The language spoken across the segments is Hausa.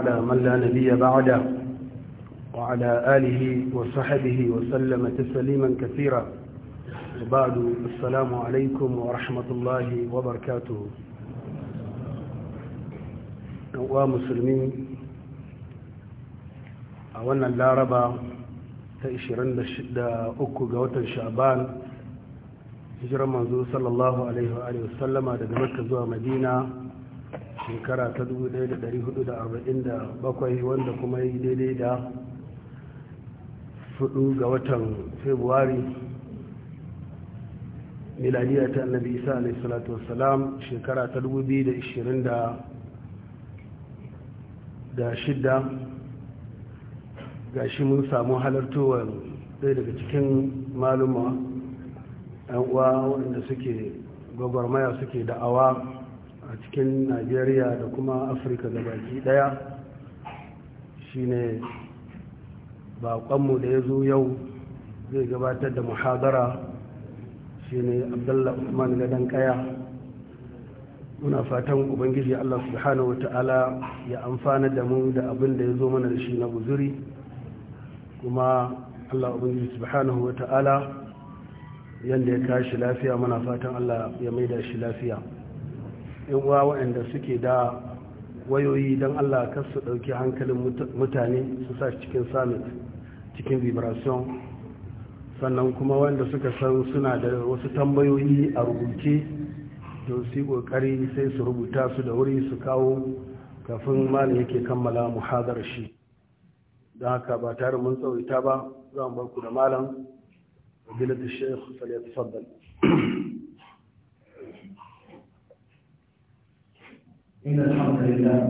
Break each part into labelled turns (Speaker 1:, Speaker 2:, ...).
Speaker 1: على من لا نبي بعده وعلى آله وصحبه وسلم تسليما كثيرا وبعد السلام عليكم ورحمة الله وبركاته ومسلمين أولا لا ربا تأشيرن أكو قوة شعبان hijirar manzo sallallahu alaihi wa sallama daga makka zuwa madina shekara ta 1447 wanda kuma yi daidai da 4 ga watan februari miladiya ta annabi isa alaihissalatu wassalam shekara ta 2026 shi mun samu halartowar ɗaya daga cikin maluma 'yan uwa waɗanda suke gwagwarmaya suke da'awa cikin najeriya da kuma afirka da baki daya shine bakonmu da ya zo yau zai gabatar da muhadara shine abdullah usman gadon kaya muna fatan ubangiji allah subhanahu wata'ala ya amfana da mu da abin da ya zo mana da shi na guzuri kuma allah ubangiji subhanahu wata'ala yadda ya kashi lafiya muna fatan allah ya maida shi lafiya yan uwa waɗanda suke da wayoyi don allah ka su ɗauki hankalin mutane su sa cikin summit cikin vibration sannan kuma wanda suka san suna da wasu tambayoyi a rubuce don su ƙoƙari sai su rubuta su da wuri su kawo kafin malin yake kammala muhadar shi don haka ba tare mun tsawaita ba za mu barku da malam da wabilat sheikh sabbal
Speaker 2: إن الحمد لله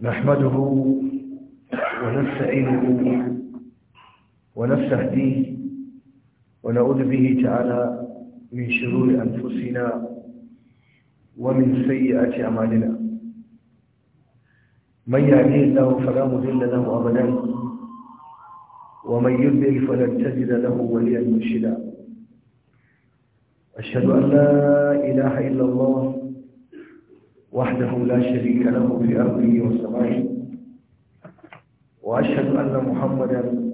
Speaker 3: نحمده ونستعينه ونستهديه ونعوذ به تعالى من شرور أنفسنا ومن سيئات أعمالنا من يهديه الله فلا مذل له أبدا ومن يذل فلن تجد له وليا مرشدا أشهد أن لا إله إلا الله وحده لا شريك له في أرضه وسمائه وأشهد أن محمدا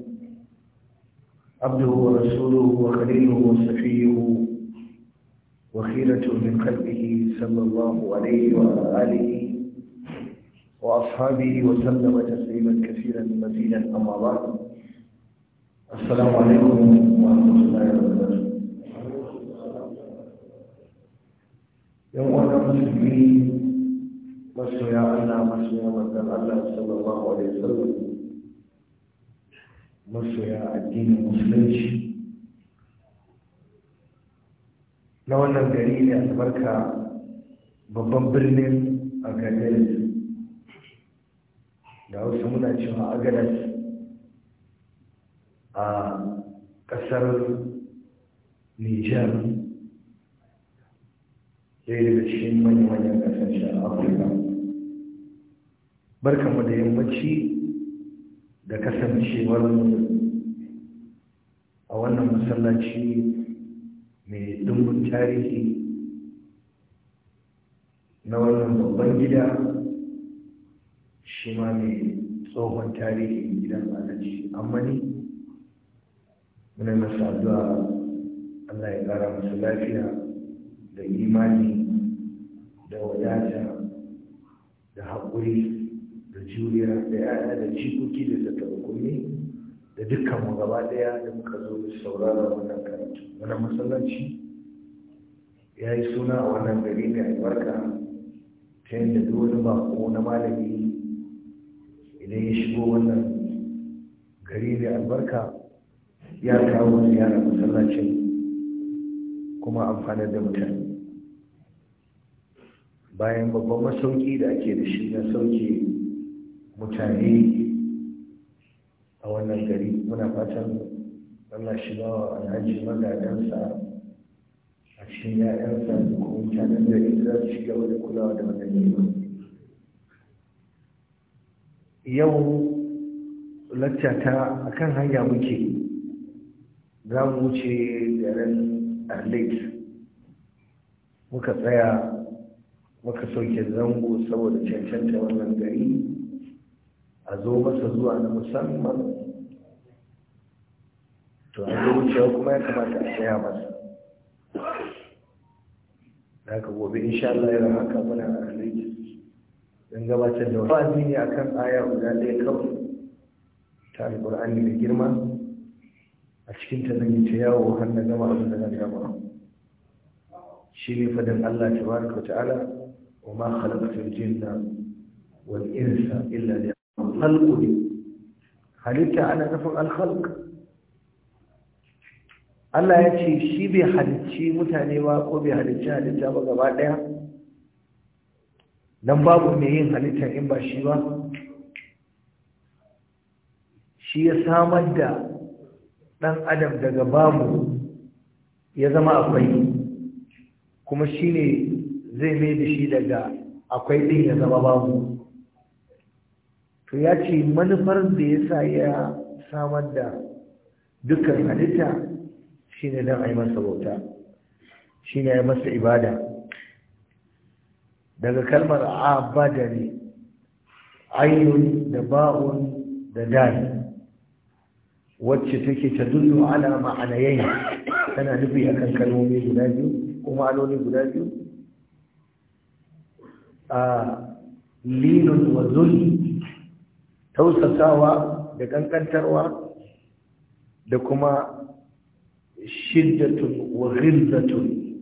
Speaker 3: عبده ورسوله وخليله وصفيه وخيرة من قلبه صلى الله عليه وعلى آله وأصحابه وسلم تسليما كثيرا مزيدا أما بعد السلام عليكم
Speaker 2: ورحمة الله وبركاته
Speaker 3: يوم أنا مسلمين masoya Allah masoya manzon Allah sallallahu alaihi wasallam masoya addinin musulunci na wannan gari ne a albarka babban birnin agadez da hausa muna cewa agadez a ƙasar nijar ɗaya daga cikin manya-manyan ƙasashen afirka barkamu da yammaci da kasancewar a wannan masallaci mai dumbin tarihi na wannan babban gida shi ma mai tsohon tarihi gidan alaji ammani muna masa addu'a Allah ya ƙara masu lafiya da imani da wadata da haƙuri juriya da ya'ya da jikoki da tattabakunni da dukkan gaba ɗaya da muka zo saurara wannan karatu wannan masallaci ya yi suna a wannan gari mai albarka ta yadda duk wani bako na malami idan ya shigo wannan gari mai albarka ya kawo ziyara masallacin kuma amfanar da mutane bayan babban masauki da ake da shi na sauke mutane a wannan gari muna fatan Allah shi ba wa alhaji magadansa a cikin ya'yansa da kuma mutanen ya za su shiga da kulawa da wannan nema yau ta a kan hanya muke za mu wuce garin arlit muka tsaya muka sauke zango saboda cancanta wannan gari a zo masa zuwa na musamman to a zo wucewa kuma ya kamata a tsaya masa
Speaker 1: da aka gobe insha Allah yana haka muna a halittu
Speaker 3: don gabatar da wata ne akan aya guda ɗaya kawai ta alƙur'ani da girma a cikin ta zan yi ta yawo har na gama abin da na gama shi ne fadin Allah baraka ta'ala wa ma khalaqtul jinna wal insa illa alkhalqu ne halitta ana nufin alkhalq Allah ya ce shi bai halicci mutane ba ko bai halicci halitta ba gaba ɗaya dan babu mai yin halitta in ba shi ba shi ya samar da ɗan adam daga babu ya zama akwai kuma shi ne zai mai da shi daga akwai ɗin ya zama babu to ya ce manufar da ya sa ya samar da dukkan halitta shi ne don a yi masa bauta shi ne a yi masa ibada daga kalmar da ne ayyun da ba'un da dani wacce take ta dullu ala ma'anayai tana nufi akan kalmomi guda biyu ko ma'anoni guda biyu a linun wa zulli tausasawa da kankantarwa da kuma shiddatun wa ghilzatun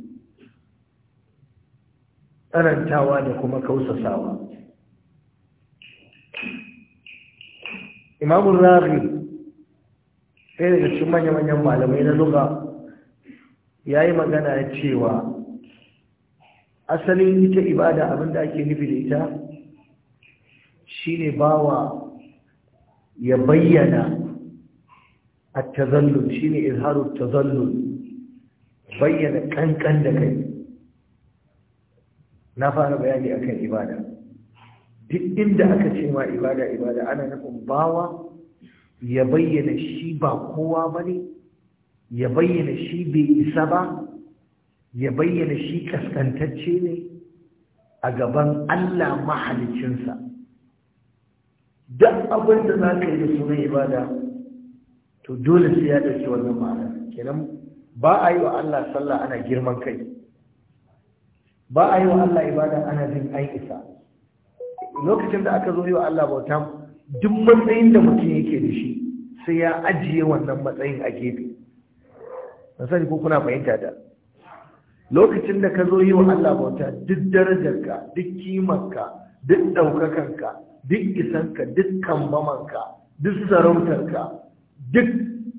Speaker 3: tsarantawa da kuma kausasawa imamun rari ɗaya daga cikin manya-manyan malamai na luga ya yi magana cewa asalin ita ibada abinda ake nufi da ita shine bawa ya bayyana at-tazallul shine izharu at-tazallul bayyana ƙanƙan da kai na fara bayani akan ibada duk inda aka ce ma ibada ibada ana nufin bawa ya bayyana shi ba kowa bane ya bayyana shi bai isa ba ya bayyana shi kaskantacce ne a gaban Allah mahalicinsa duk abin da za ka yi da sunan ibada to dole sai ya ɗauki wannan ma'ana kenan ba a yi wa Allah sallah ana girman kai ba a yi wa Allah ibada ana jin aikisa lokacin da aka zo yi wa Allah bauta duk matsayin da mutum yake da shi sai ya ajiye wannan matsayin a gefe na sani ko kuna fahimta da lokacin da ka zo yi wa Allah bauta duk darajarka duk kimarka duk ɗaukakanka duk isanka duk kambamanka duk sarautarka duk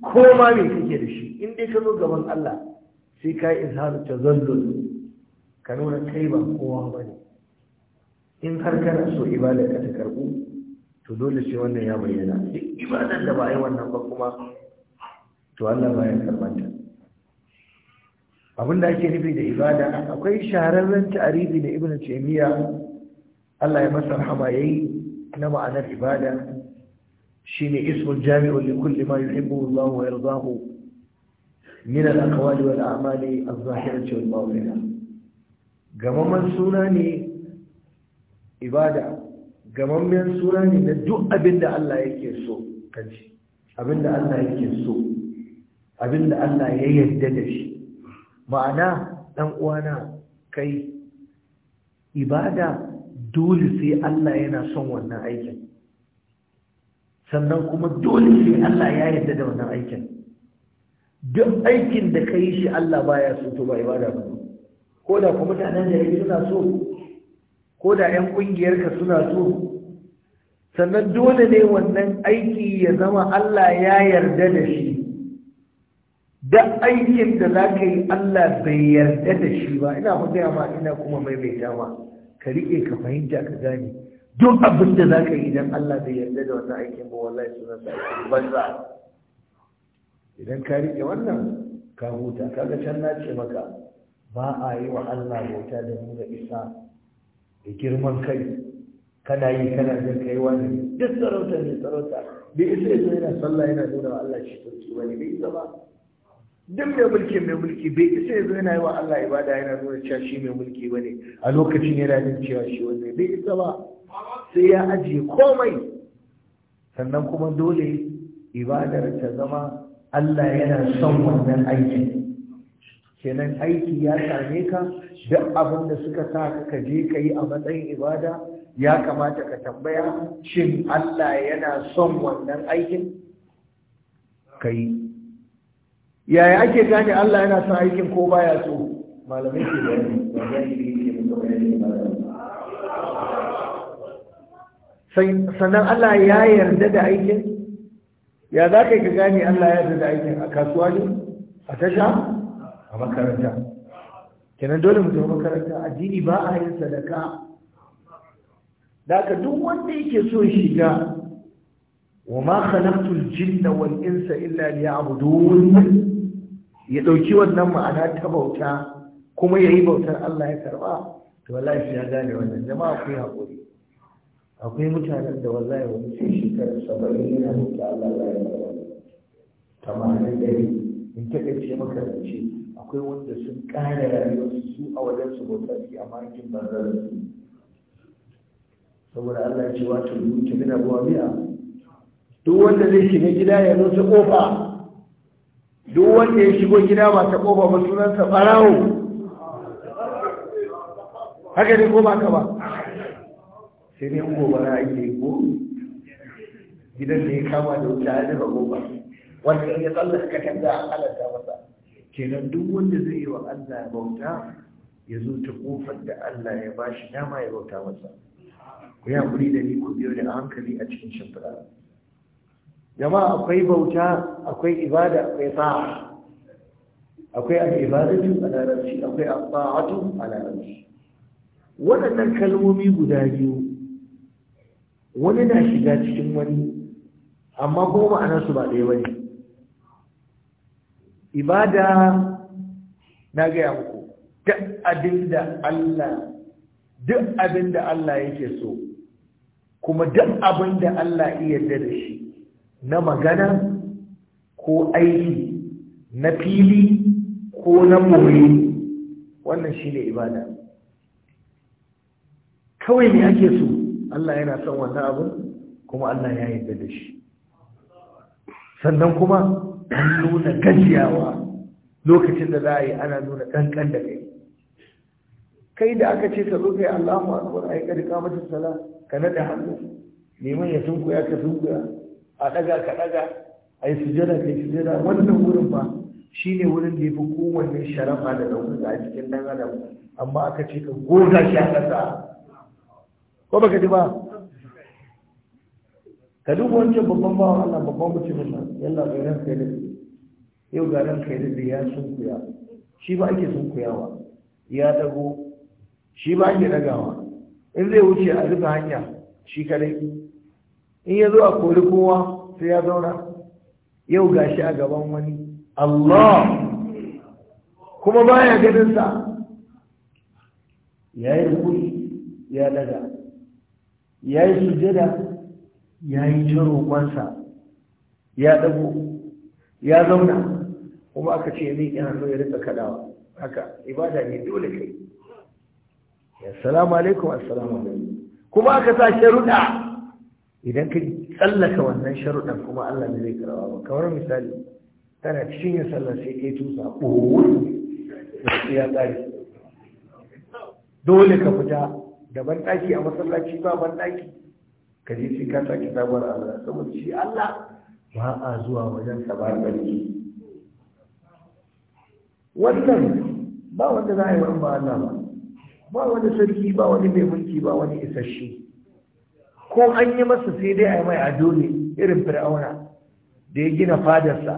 Speaker 3: koma ne kake da shi in dai ka zo gaban Allah sai ka yi izharu ta zallon ka nuna kai ba kowa ba ne in har kana so ibada ka ta karbu to dole sai wannan ya bayyana duk ibadar da ba a yi wannan ba kuma to Allah ba ya karbanta abin da ake nufi da ibada akwai shahararren ta'arifi da ibnu taymiya Allah ya masa rahama yayi na ma'anar ibada Shi ne ismul jami'u li kulli ma yuhibbu Allah wa yardahu min al-aqwali wal a'mali az-zahirati wal batinah gamamman suna ne ibada gamamman suna ne na duk abinda Allah yake so kaji abinda Allah yake so abinda Allah ya yarda da shi ma'ana dan uwana kai ibada dole sai Allah yana son wannan aikin sannan kuma dole sai Allah ya yarda da wannan aikin duk aikin da ka yi shi Allah baya so to ba ibada ba ko da kuma mutanen da suna so ko da 'yan ƙungiyarka suna so sannan dole ne wannan aiki ya zama Allah ya yarda da shi duk aikin da za ka yi Allah bai yarda da shi ba ina kuma gaya ma ina kuma maimaita ma ka riƙe ka fahimta ka gane duk abin da za ka yi idan Allah bai yarda da wannan aikin ba wallahi sunan sa aikin banza idan ka riƙe wannan ka huta kaga can na ce maka ba a yi wa Allah bauta da da isa da girman kai kana yi kana jin kai wani duk sarauta ne sarauta bai isa yana sallah yana nuna wa Allah shi sarki wani bai isa ba duk mai mulki mai mulki bai isa ya zo yana yi wa Allah ibada yana nuna cewa shi mai mulki bane a lokacin yana jin cewa shi wanda bai isa ba sai ya ajiye komai sannan kuma dole ibadar ta zama Allah yana son wannan aiki kenan aiki ya same ka duk abin da suka sa ka je ka yi a matsayin ibada ya kamata ka tambaya shin Allah yana son wannan aikin ka yi yaya ake gane Allah yana son aikin ko baya so malamai ke
Speaker 2: da ba
Speaker 3: yi sannan Allah ya yarda da aikin ya za ka ka gane Allah ya yarda da aikin a kasuwa ne a tasha a makaranta kenan dole mu tafi makaranta addini ba a yin sadaka da duk wanda yake so shiga wa ma khalaqtul jinna wal insa illa liya'budun ya ɗauki wannan ma'ana ta bauta kuma ya yi bautar Allah ya karɓa to wallahi ya gane wannan jama'a akwai hakuri. haƙuri akwai mutanen da wallahi wani sai shekarar saba'in yana mutu Allah ya yi tamanin ɗari in ta ƙarshe makarance akwai wanda sun ƙara rayuwarsu su a wajen su bauta su a makin banzar su saboda Allah ya ce wato mutum mina buwa biya duk wanda zai shiga gida ya nusa ƙofa duk wanda ya shigo gida ba ta kofa ba sunansa barawo haka ne ko ba ka ba sai ne ungo bara ake ko gidan da ya kama da wuta ya daga goma wanda ya tsallaka katanga a halatta masa kenan duk wanda zai yi wa Allah bauta ya zo ta kofar da Allah ya bashi dama ya bauta masa ku yi haƙuri da ni ku biyo da hankali a cikin shimfiɗa jama'a akwai bauta akwai ibada akwai ta'a akwai al'ibadatu a larabci akwai al'a'atu a larabci waɗannan kalmomi guda biyu wani na shiga cikin wani amma kuma su ba ɗaya ne ibada na gaya muku duk abin da Allah duk abin da Allah yake so kuma duk abin da Allah iya yarda da shi na magana ko aiki na fili ko na moye wannan shi ne ibada kawai ne ake so Allah yana son wannan abin kuma Allah ya yarda da shi sannan kuma an nuna gajiyawa lokacin da za a yi ana nuna ƙanƙan da kai kai da aka ce ka zo kai Allahu akbar ai ka sala ka nada hannu neman ya sunkuya ka sunkuya a ɗaga ka ɗaga a yi sujada ka yi sujada wannan wurin ba shi ne wurin da ya fi kowanne sharafa da ɗaukaka a cikin ɗan adam amma aka ce ka goza shi a ƙasa ko baka ji ba ka duba wancan babban bawan Allah babban mutumin nan yalla ga ran kai da yau ga ran kai da ya kuya shi ba ake sunkuyawa ya dago shi ba ake dagawa in zai wuce a rufe hanya shi kadai in ya zo a kori kowa sai ya zauna yau gashi a gaban wani Allah kuma baya sa. ya yi rukuni ya daga ya yi sujada ya yi jin roƙonsa ya dago ya zauna kuma aka ce zai yana so ya rika kadawa haka ibada ne dole kai assalamu alaikum assalamu alaikum kuma aka sa sharuɗa idan ka tsallaka wannan sharuɗan kuma Allah ne zai karawa ba kamar misali tana cikin yin sallah sai kai tusa ɓoye da ya tsari dole ka fita da banɗaki a masallaci ba banɗaki ka je sai ka sake sabuwar Allah saboda shi Allah ba a zuwa wajen sa ba barki wannan ba wanda za a yi ba Allah ba ba wani sarki ba wani mai mulki ba wani isasshe ko an yi masa sai dai a yi mai ado ne irin fir'auna da ya gina fadarsa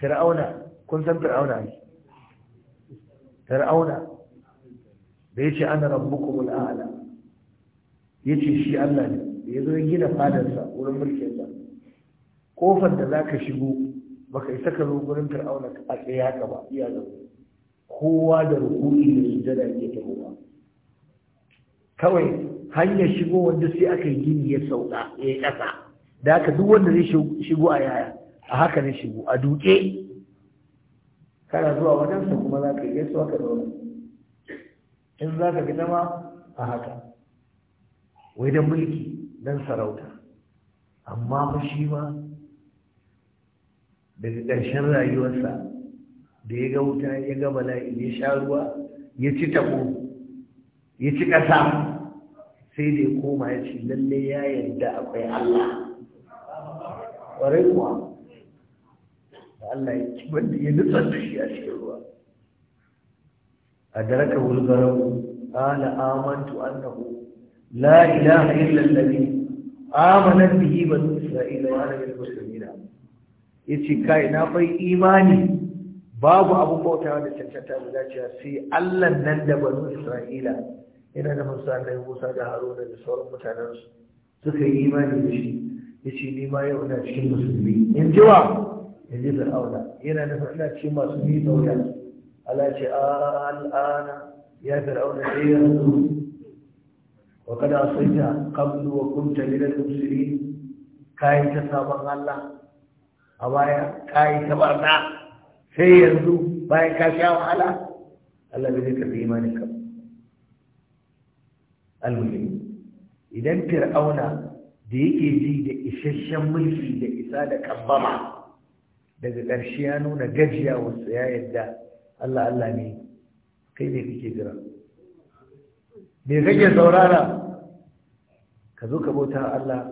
Speaker 3: fir'auna kun san fir'auna ne fir'auna da ya ce ana kuma a'la ya ce shi Allah ne da ya zo ya gina fadarsa wurin mulkinsa kofar da za ka shigo baka isa ka zo wurin fir'auna a tsaye haka ba iya zaune kowa da rukuni da sujada ke kowa. kawai hanyar shigo wanda sai aka yi gini ya sauka ya yi ƙasa da haka duk wanda zai shigo a yaya a haka ne shigo a duke kana zuwa wajensa kuma za ka iya suwa ka zauna in za ka gina ma a haka wai don mulki don sarauta amma fa shi ma daga ƙarshen rayuwarsa da ya ga wuta ya ga bala'i ya sha ruwa ya ci taɓo ya ci ƙasa sai da koma ya ce lalle ya yarda akwai Allah ƙwarai kuwa da Allah ya ci wanda ya nutsar da shi a cikin ruwa a daraka wulgarau قال آمنت أنه لا إله إلا da آمنت به بنو إسرائيل وأنا من Ya yace kai na fai imani babu abun bautawa da cancanta da zaciya sai Allah nan da banu Isra'ila yana da musa da musa da haruna da sauran mutanensu suka yi imani da shi ya ce ni ma yau na cikin musulmi in ji wa in ji fir'auna yana da ina ce masu bi sauya Allah ce al'ana ya fir'auna sai ya rasu wa kada ta qablu wa kunta min al-mufsidin kai ta saban Allah a baya kai ta barna sai yanzu bayan ka sha wahala Allah bai zai karbi ka almuhim idan fir'auna da yake ji da isasshen mulki da isa da kambama daga ƙarshe ya nuna gajiya wasu ya yadda Allah Allah ne kai ne kake jira me kake saurara ka zo ka bauta Allah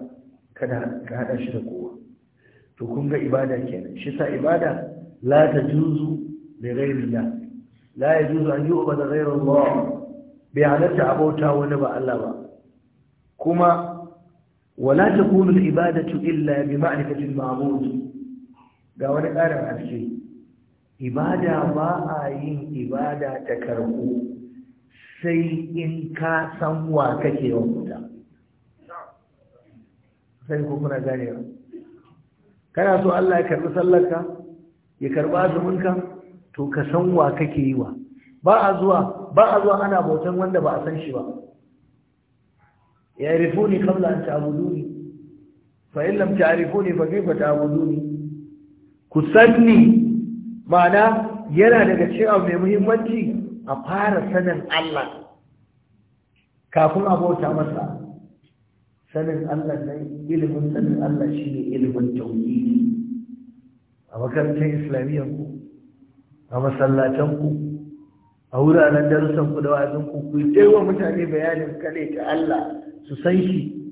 Speaker 3: kada ka hada shi da kowa to kun ga ibada kenan shi sa ibada la tajuzu li ghayrillah la yajuzu an yu'bada ghairu Allah bai halatta a bauta wani ba Allah ba kuma wala ta kunu ibadatu illa bi ma'rifati al-ma'bud ga wani ƙarin hadisi ibada ba a yin ibada ta karbu sai in ka san wa kake wa sai ko kuna ba. kana so Allah ya karbi sallarka ya karba azuminka to ka san wa kake yi wa ba a zuwa ba a zuwa ana bautan wanda ba a san shi ba ya rifuni kabla an ta'buduni fa in lam ta'rifuni fa kayfa ni ku sanni ma'ana yana daga cewa mai muhimmanci a fara sanin Allah kafin a bauta masa sanin Allah nan ilimin sanin Allah shine ilimin tauhidi a makarantar islamiyyar ku a masallatan ku a wuraren darussan ku da wa'azin ku ku yi wa mutane bayanin kare ta Allah su san shi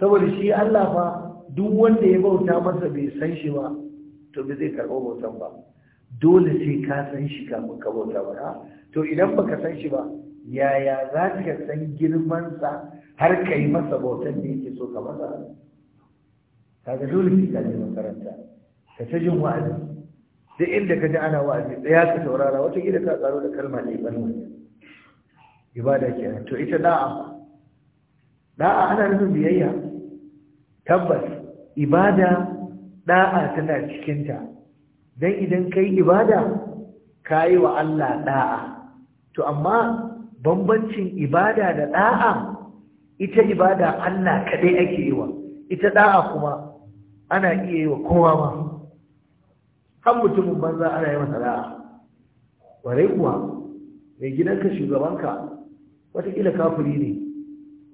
Speaker 3: saboda shi Allah fa duk wanda ya bauta masa bai san shi ba to bai zai karɓo bautan ba dole sai ka san shi kafin ka bauta ba to idan baka san shi ba yaya za ka san girmansa har ka yi masa bautan da yake so ka masa kaga dole sai ka je makaranta ka ta jin wa'azi da inda ka ji ana wa'azi tsaya ka saurara wata gida ka tsaro da kalma ne ban ibada nan, to ita da'a da'a ana nufin biyayya tabbas ibada da'a tana cikin ta dan idan kai ibada ka wa Allah da'a to amma bambancin ibada da da'a ita ibada Allah kadai ake yi wa ita da'a kuma ana iya yi wa kowa ma kan mutumin banza ana yi masa da'a warai kuwa mai gidanka shugabanka watakila kafiri ne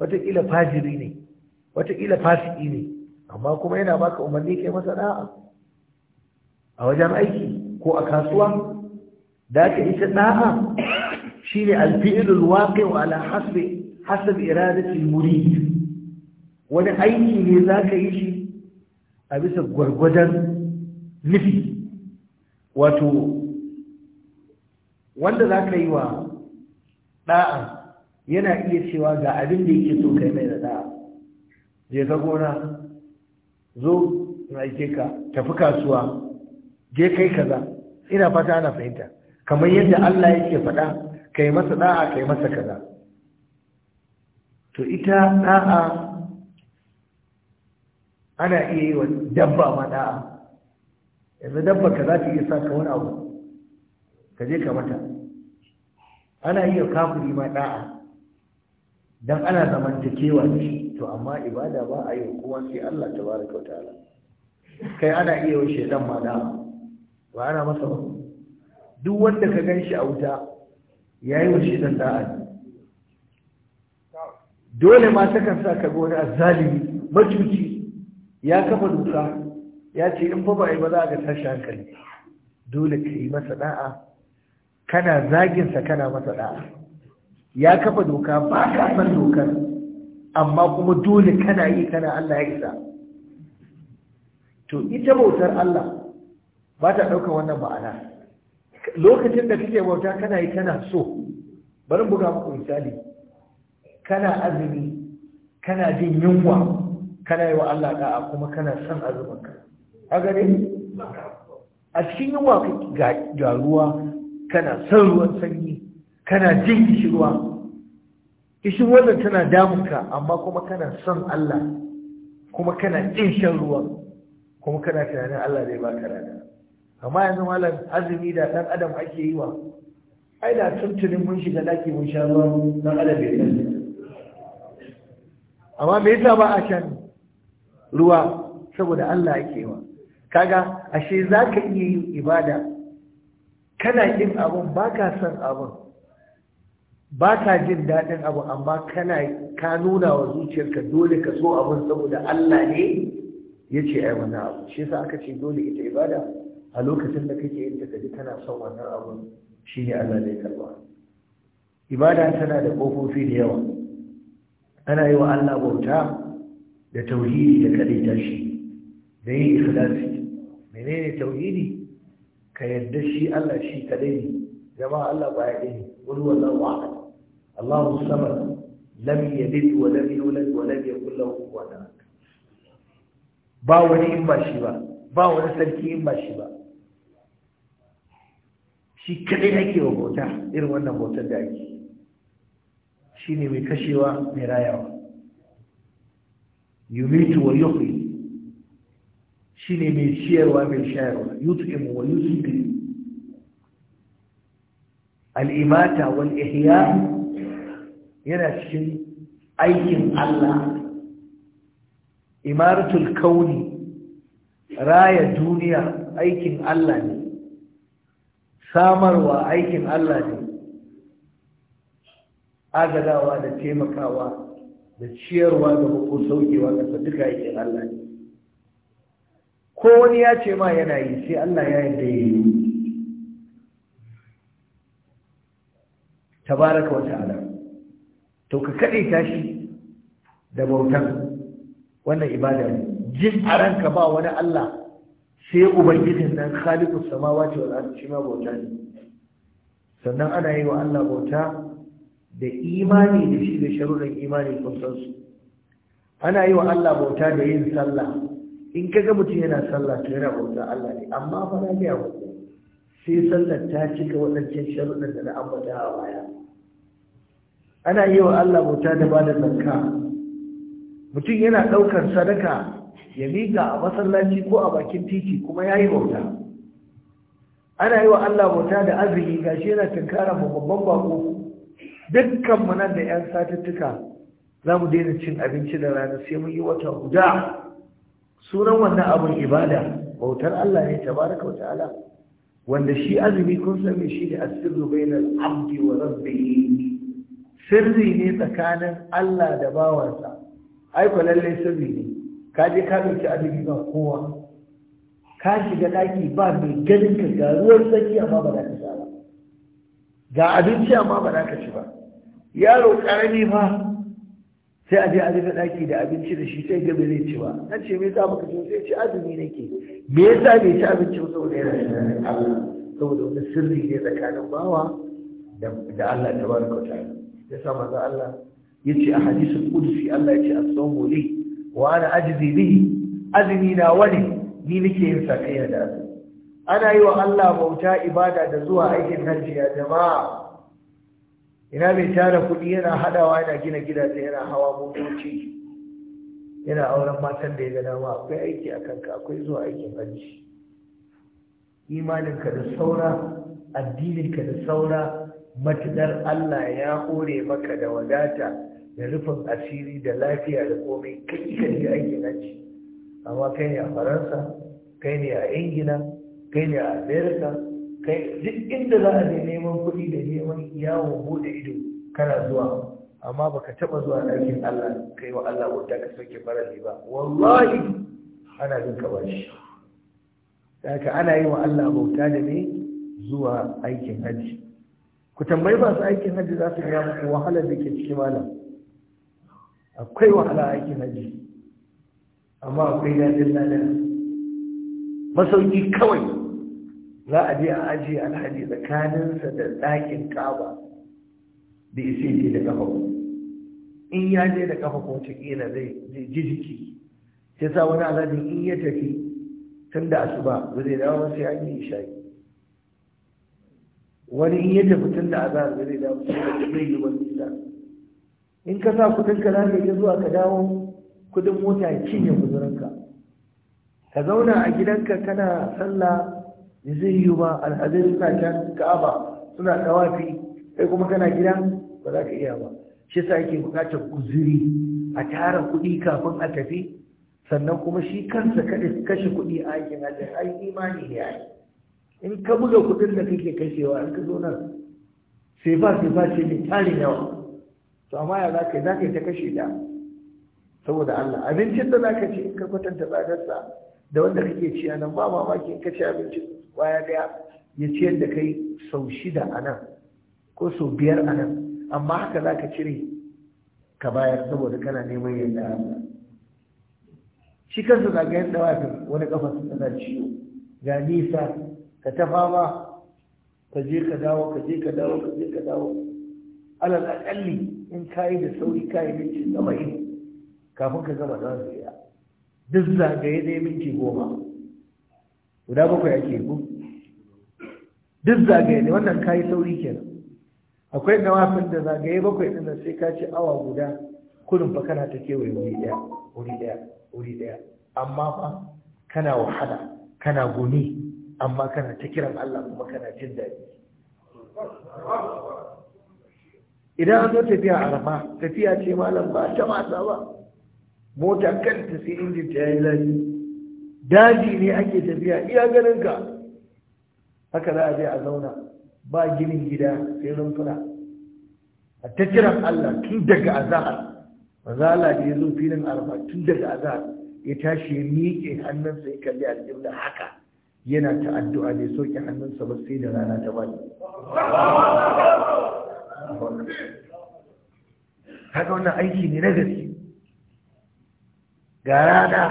Speaker 3: watakila fajiri ne watakila fasiki ne amma kuma yana baka umarni kai masa da'a a wajen aiki ko a kasuwa da aka ita da'a shine alfi'lul waqi'u ala hasbi hasab iradati murid wani aiki ne zaka yi shi a bisa gwargwadon nufi wato wanda za ka yi wa ɗa'a yana iya cewa ga abin da yake so kai mai da ɗa'a je ka gona zo na ka tafi kasuwa je kai kaza ina fata ana fahimta kamar yadda Allah yake faɗa kai masa ɗa'a kai masa kaza to ita ɗa'a ana iya yi wa dabba ma ɗa'a yanzu dabba ka za ta iya sa ka wani abu ka je ka mata ana iya kafuri ma da'a dan ana ta kewa ne, to amma ibada ba a yi kowa sai Allah tabaraka wa ta'ala kai ana iya wa shedan ma da'a ba ana masa ba duk wanda ka gan shi a wuta ya yi wa shedan da'a ne. dole ma takan sa ka ga wani azzalimi macuci ya kafa doka ya ce in fa ba yi ba za a ga tashi hankali dole ka yi masa da'a kana zaginsa kana masa da'a ya kafa doka ba ka san dokar amma kuma dole kana yi kana Allah ya isa to ita bautar Allah ba ta ɗauka wannan ma'ana lokacin da kake bauta kana yi kana so bari buga muku misali kana azumi kana jin yunwa kana yi wa Allah da'a kuma kana son azumin a a cikin yunwa ga ruwa kana son ruwan sanyi kana jin kishirwa kishin wannan tana damunka amma kuma kana son Allah kuma kana jin shan ruwa kuma kana tunanin Allah zai baka rana amma yanzu malam azumi da dan adam ake yi wa ai da tuntunin mun shiga daki mun sha ruwa dan adam bai san amma me yasa ba a shan ruwa saboda Allah yake wa kaga ashe za ka iya yin ibada kana yin abin ba ka son abin ba ka jin daɗin abu amma kana ka nuna wa zuciyarka dole ka so abin saboda Allah ne ya ce ai wannan abu shi yasa aka ce dole ita ibada a lokacin da kake yin ta ji kana son wannan abun. shi ne Allah zai karba ibada tana da kofofi da yawa ana yi wa Allah bauta da tauhidi da kadaita shi da yin ikhlasi menene tauhidi ka yarda shi Allah shi kadai ne jama'a Allah ba ya yi wani wallahu a'lam Allahu samad lam yalid wa lam yulad wa lam yakul lahu kufuwan ahad ba wani in ba shi ba ba wani sarki in ba shi ba shi kadai nake wa bauta irin wannan bautar da ake shi ne mai kashewa mai rayawa yumitu wa yuhyi ne mai ciyarwa mai shayarwa yut'imu wa yusbi wal ihya yana cikin aikin Allah imaratul kauni raya duniya aikin Allah ne samarwa aikin Allah ne agadawa da taimakawa da ciyarwa da hukun saukewa ƙasa duka aikin Allah ne ko wani ya ce ma yana yi sai Allah ya yarda ya yi tabaraka wata ala to ka kaɗe tashi da bautan wannan ibada jin a ranka ba wani Allah sai ubangijin nan khaliqus samawa" ce ardi shi ma bauta ne sannan ana yi wa Allah bauta da imani da shi da sharurin imani kun san su ana yi wa Allah bauta da yin sallah in kaga mutum yana sallah ta yana bauta Allah ne amma fa na ga sai sallar ta cika waɗancan sharuɗan da na ambata a baya ana yi wa Allah bauta da bada zakka mutum yana ɗaukar sadaka ya miƙa a masallaci ko a bakin titi kuma ya yi bauta ana yi wa Allah bauta da arziki gashi yana tunkara babban bako dukkan mu nan da 'yan satuttuka za mu daina cin abinci da rana sai mun yi wata guda sunan wannan abun ibada bautar Allah ne tabaraka wa ta'ala wanda shi azumi kun san me shi ne asirru bainal abdi wa rabbihi sirri ne tsakanin Allah da bawansa ai ko lalle sirri ne ka je ka dauki azumi ba kowa ka shiga daki ba mai ganin ka ga ruwan tsaki amma ba za ka sha ba ga abinci amma ba za ka ci ba yaro karami ba sai a je a rufe daki da abinci da shi sai gaba zai ci ba An ce me yasa muka ce sai ci azumi nake me yasa bai ci abinci ba saboda yana da Allah saboda wani sirri ne tsakanin bawa da Allah ta baraka ta ya sa maza Allah ya ce a hadisul qudsi Allah ya ce a sawmu li wa ana ajzi bihi azumi na wani ni nake yin sakayya da ana yi wa Allah bauta ibada da zuwa aikin hajji ya jama'a ina mai tara kuɗi yana haɗawa yana gina gidaje yana hawa motoci yana auren matan da ya ga dama akwai aiki a kanka akwai zuwa aikin hajji imaninka da saura addininka da saura matuƙar Allah ya hore maka da wadata da rufin asiri da lafiya da komai kai ka je aikin hajji amma kai ne a faransa kai ne a ingila kai ne a america kai duk inda za a je neman kuɗi da neman yawon bude ido kana zuwa amma baka taba zuwa ɗakin Allah kai wa Allah wanda ka sauke farali ba wallahi ana jin ka bashi haka ana yi wa Allah bauta da ne zuwa aikin haji ku tambayi ba su aikin haji za su ga muku wahalar da ke cikin malam akwai wahala aikin haji amma akwai dadin lalata masauki kawai za a je a ajiye alhaji tsakaninsa da ɗakin kawa da isi je da kafa in ya je da kafa ko cikina zai ji jiki ya sa wani alhaji in ya tafi tun da asuba ba zai dawo sai an yi isha'i wani in ya tafi tun da azahar ba zai dawo sai zai yi wani isa in ka sa kudin ka za ka zuwa ka dawo kudin mota ya cinye guzurinka ka zauna a gidanka kana sallah zai yi ba alhazai suna can ka'aba suna tawafi Sai kuma kana gida ba za ka iya ba shi sa ake bukatar kuzuri a tara kuɗi kafin a tafi sannan kuma shi kansa kashe kuɗi a aikin hajji ai imani ne ai in ka buga kuɗin da kake kashewa in ka zo nan sai ba sai ba ce ne tarin yawa to amma ya za ka yi ta kashe da saboda Allah abincin da za ka ci in ka kwatanta tsadarsa da wanda kake ci a nan ba mamakin ka ci abinci kwaya daya ya ci yadda kai sau shida a nan ko sau biyar a nan amma haka za ka cire ka bayar saboda kana neman yadda nan shi kansa zagayen dawafin wani kafa su tana ciwo ga nisa ka ta fama ka je ka dawo ka je ka dawo ka je ka dawo alal akalli in kayi da sauri kayi da cin kafin ka gama dawafin duk zagaye ɗaya minti goma guda bakwai ake ku duk zagaye ne wannan kayi sauri kenan akwai nawafin da zagaye bakwai ɗin nan sai ka ci awa guda Kudin fa kana ta kewaye wuri ɗaya wuri ɗaya wuri ɗaya amma fa kana wahala kana guni amma kana ta kiran Allah kuma kana jin daɗi idan an zo tafiya a rafa tafiya ce malam ba ta masa ba mota kanta sai injin ta yi lafi daji ne ake tafiya iya ganin ka haka za a je a zauna ba ginin gida sai rumfuna a ta kiran Allah tun daga azahar mazala da ya zo filin arfa tun daga azahar ya tashi ya miƙe hannunsa ya kalli aljibla haka yana ta addu'a da ya soke hannunsa ba sai da rana ta bani haka wannan aiki ne na gaske ga rana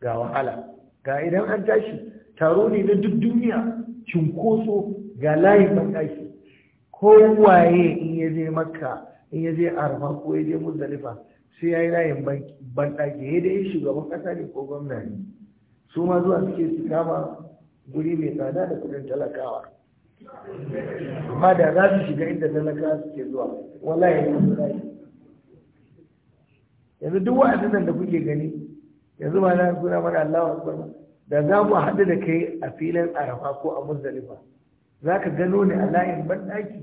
Speaker 3: ga wahala ga idan an tashi taro ne na duk duniya cinkoso ga layin banɗaki kowaye in ya je makka in ya je arfa ko ya je muzdalifa sai ya yi layin banɗaki ya dai shugaban ƙasa ne ko gwamna ne su ma zuwa suke su kama guri mai tsada da kudin talakawa amma da za su shiga inda talakawa suke zuwa wallahi ya yi yanzu duk wa'azin nan da kuke gani yanzu ba na kuna mana Allahu akbar da za mu haɗu da kai a filin arafa ko a muzdalifa za ka gano ni a layin banɗaki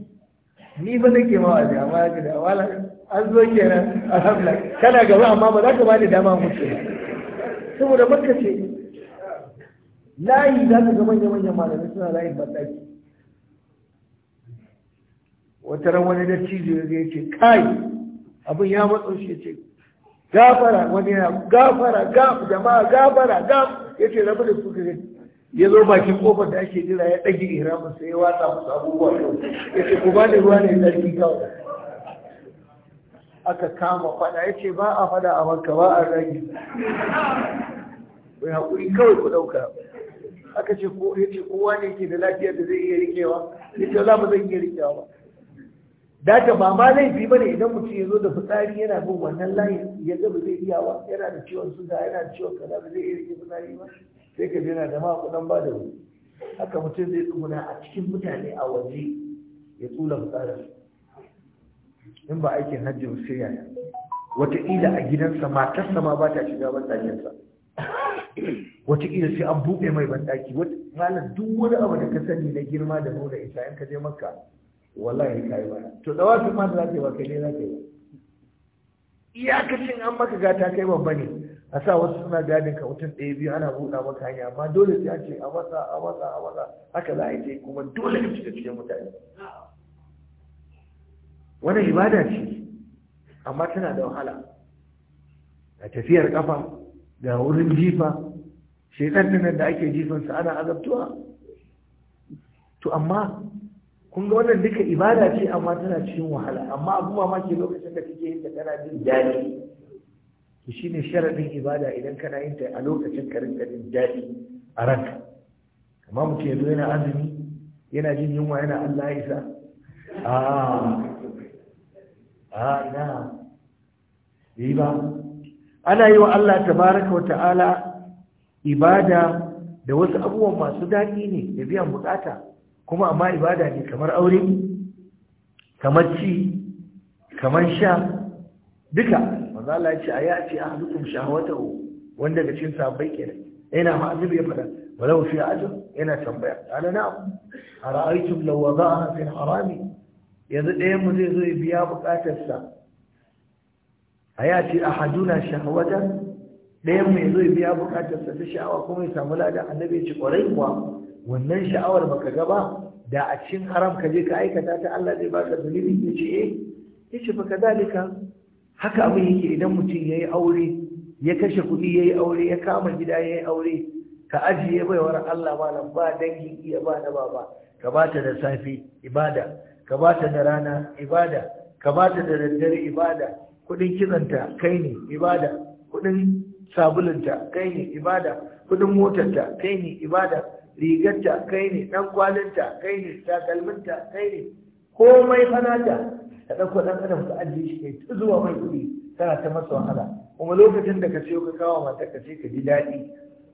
Speaker 3: ni ba nake ma wa'azi amma ka da wala an zo kenan alhamdulillah kana gaba amma ba za ka ba ni dama mutu saboda maka ce layi za ka ga manya-manyan malamai suna layin banɗaki wata ran wani da cizo ya ce kai abin ya matso shi ya ce gafara wani yana gafara gaf jama'a gafara gaf ya ce rabu da su gare ya zo bakin kofar da ake jira ya ɗage ihramin sai ya watsa musu abubuwa ya ce ku ba da ruwa ne tsarki kawai aka kama fada ya ce ba a fada a maka ba a rage ya kuri kawai ku ɗauka aka ce ko ya ce kowa ne ke da lafiyar da zai iya rikewa ya ce za mu zai iya rikewa Data ba ma laifi bane idan mutum ya zo da fitsari yana bin wannan layin ya ga ba zai iya ba yana da ciwon suga yana da ciwon kaza ba zai iya rike fitsari ba sai ka yana da ma kudan ba da wuri haka mutum zai tsuguna a cikin mutane a waje ya tsula fitsarin in ba aikin hajji ba sai yaya wataƙila a gidansa matarsa ma ba ta shiga banɗakinsa wataƙila sai an buɗe mai banɗaki malam duk wani abu da ka sani na girma da nuna isa in ka je makka wallahi kayi ba to da wasu ma da zaka yi ba kai ne zaka yi an maka gata kai ba ne a sa wasu suna gadin ka mutum ɗaya biyu ana buɗa maka hanya amma dole sai a ce a wasa a wasa a wasa haka za a yi kuma dole ka shiga cikin mutane
Speaker 1: Wani ibada
Speaker 3: ce amma tana da wahala a tafiyar kafa ga wurin jifa shaidan nan da ake jifansa ana azabtuwa to amma kun ga wannan duka ibada ce amma tana cikin wahala amma abu ke lokacin da kake yin da kana jin daɗi to shine sharadin ibada idan kana yin ta a lokacin ka rinka jin daɗi a ranka amma mutum yanzu yana azumi yana jin yunwa yana Allah ya isa a ah, ah, ina yi ba ana yi wa Allah tabaraka wa ta'ala ibada da wasu abubuwan masu daɗi ne da biyan bukata kuma amma ibada ne kamar aure kamar ci kamar sha duka wanda Allah ya ce a hukum shahawatahu wanda daga cikin sahabbai kenan yana ma annabi ya fada walau fi ajr yana tambaya ala na ara'aytum law wada'aha fi harami yanzu ɗayan mu zai zo ya biya bukatarsa ayati ahaduna shahawatan ɗayan mu ya zo ya biya sa ta sha'awa kuma ya samu ladan annabi ya ci kwarai kuwa wannan sha'awar baka gaba da a cikin haram ka je ka aikata ta Allah zai baka dalili ya ce eh yace fa kadalika haka abu yake idan mutum yayi aure ya kashe kuɗi yayi aure ya kama gida yayi aure ka ajiye baiwar Allah malam ba dangi iya ba da baba ka bata da safi ibada ka bata da rana ibada ka bata da daddare ibada kudin kizanta kai ne ibada kudin sabulunta kai ne ibada kudin motarta kai ne ibada rigarta kai ne ɗan kwalinta kai ne takalminta kai ne komai fanata ta ɗauko ɗan adam ka ajiye shi kai ta zuwa mai kuɗi tana ta masa wahala kuma lokacin da ka ce ka kawo mata ka ce ka ji daɗi